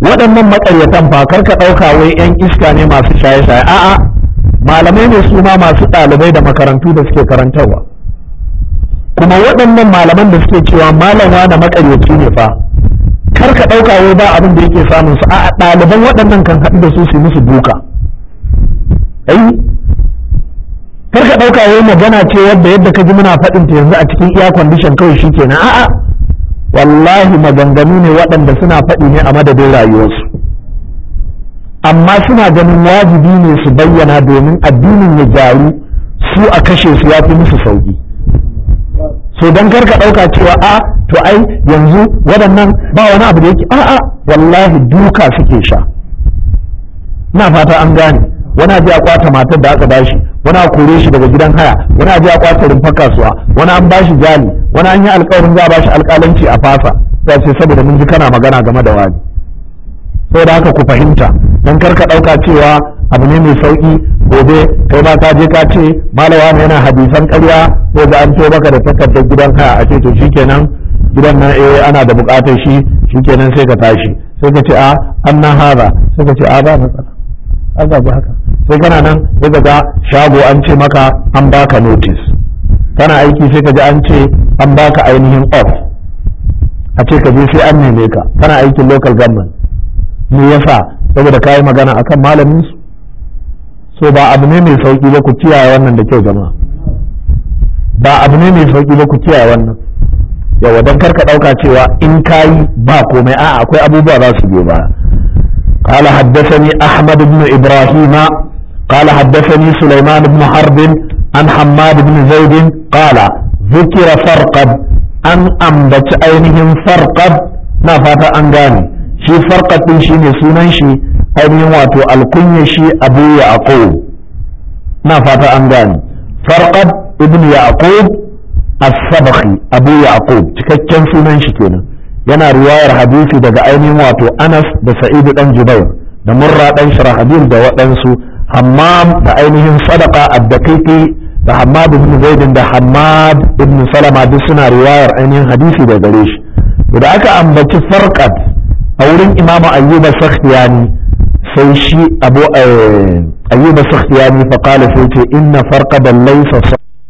waɗannan matsaryatan fa kar ka ɗauka wai 'yan iska ne masu shaye-shaye a'a malamai ne su ma masu ɗalibai da makarantu da suke karantarwa kuma waɗannan malaman da suke cewa malama da makaryaci ne fa kar ka ɗauka wai ba abin da yake samun su a'a ɗaliban waɗannan kan haɗu da su su musu duka ai kar ka ɗauka wai magana ce yadda yadda ka ji muna faɗin ta yanzu a cikin iya kwandishan kawai shi kenan a'a wallahi maganganu ne waɗanda suna faɗi ne a madadin rayuwarsu amma suna ganin wajibi ne su bayyana domin addinin ya gyaru su a kashe su ya fi musu sauƙi so don karka ɗauka cewa a ah, to ai yanzu waɗannan ba wani abu da yake a'a wallahi duka suke sha na fata an gane wani ji a kwata matar da aka bashi wani a kore shi daga gidan haya wani ji a kwata rumfar kasuwa wani an bashi jali wani an yi alƙawarin za a bashi alƙalanci a fasa sai ce saboda mun ji kana magana game da wani da haka ku fahimta dan kar ka ɗauka cewa abu ne mai sauƙi gobe kai ma ka je ka ce malawa ne yana hadisan karya ko da an to baka da takardar gidan haya a ce to shikenan gidan nan eh ana da buƙatar shi shikenan sai ka tashi sai ka ce a ah, anna haza sai ka ce a ah, ba matsala Allah ba haka sai kana nan sai ka ga shago an ce maka an baka notice kana aiki sai ka ji an ce an baka ainihin off a ce ka je sai an neme ka kana aikin local government me yasa saboda ka yi magana akan malamin su so ba abu ne mai sauki ba ku kiyaye wannan da kyau jama'a ba abu ne mai sauki ba ku kiyaye wannan yawa don karka ɗauka cewa in ka yi ba komai a'a akwai abubuwa za su biyo ba قال حدثني أحمد بن إبراهيم قال حدثني سليمان بن حرب عن حماد بن زيد قال ذكر فرقد أن أنبت أينهم فرقد نفت أنجاني شي فرقد من شي نسونا شي أينهم واتو القنية شي أبو يعقوب نفت أنجاني فرقد ابن يعقوب السبخي أبو يعقوب تكتشن سونا شي كنا yana riwayar hadisi daga ainihin wato Anas da Sa'id dan Jubair da Murra dan Sharahabil da waɗansu Hamma da ainihin sadaka ad-daqiqi da hammad ibn zaid da hammad ibn salama duk suna riwayar ainihin hadisi da gare shi da aka ambaci farqat a wurin imamu ayyuba sakhtiyani sai shi abu eh, ayyuba sakhtiyani fa qala sai ce inna farqad laysa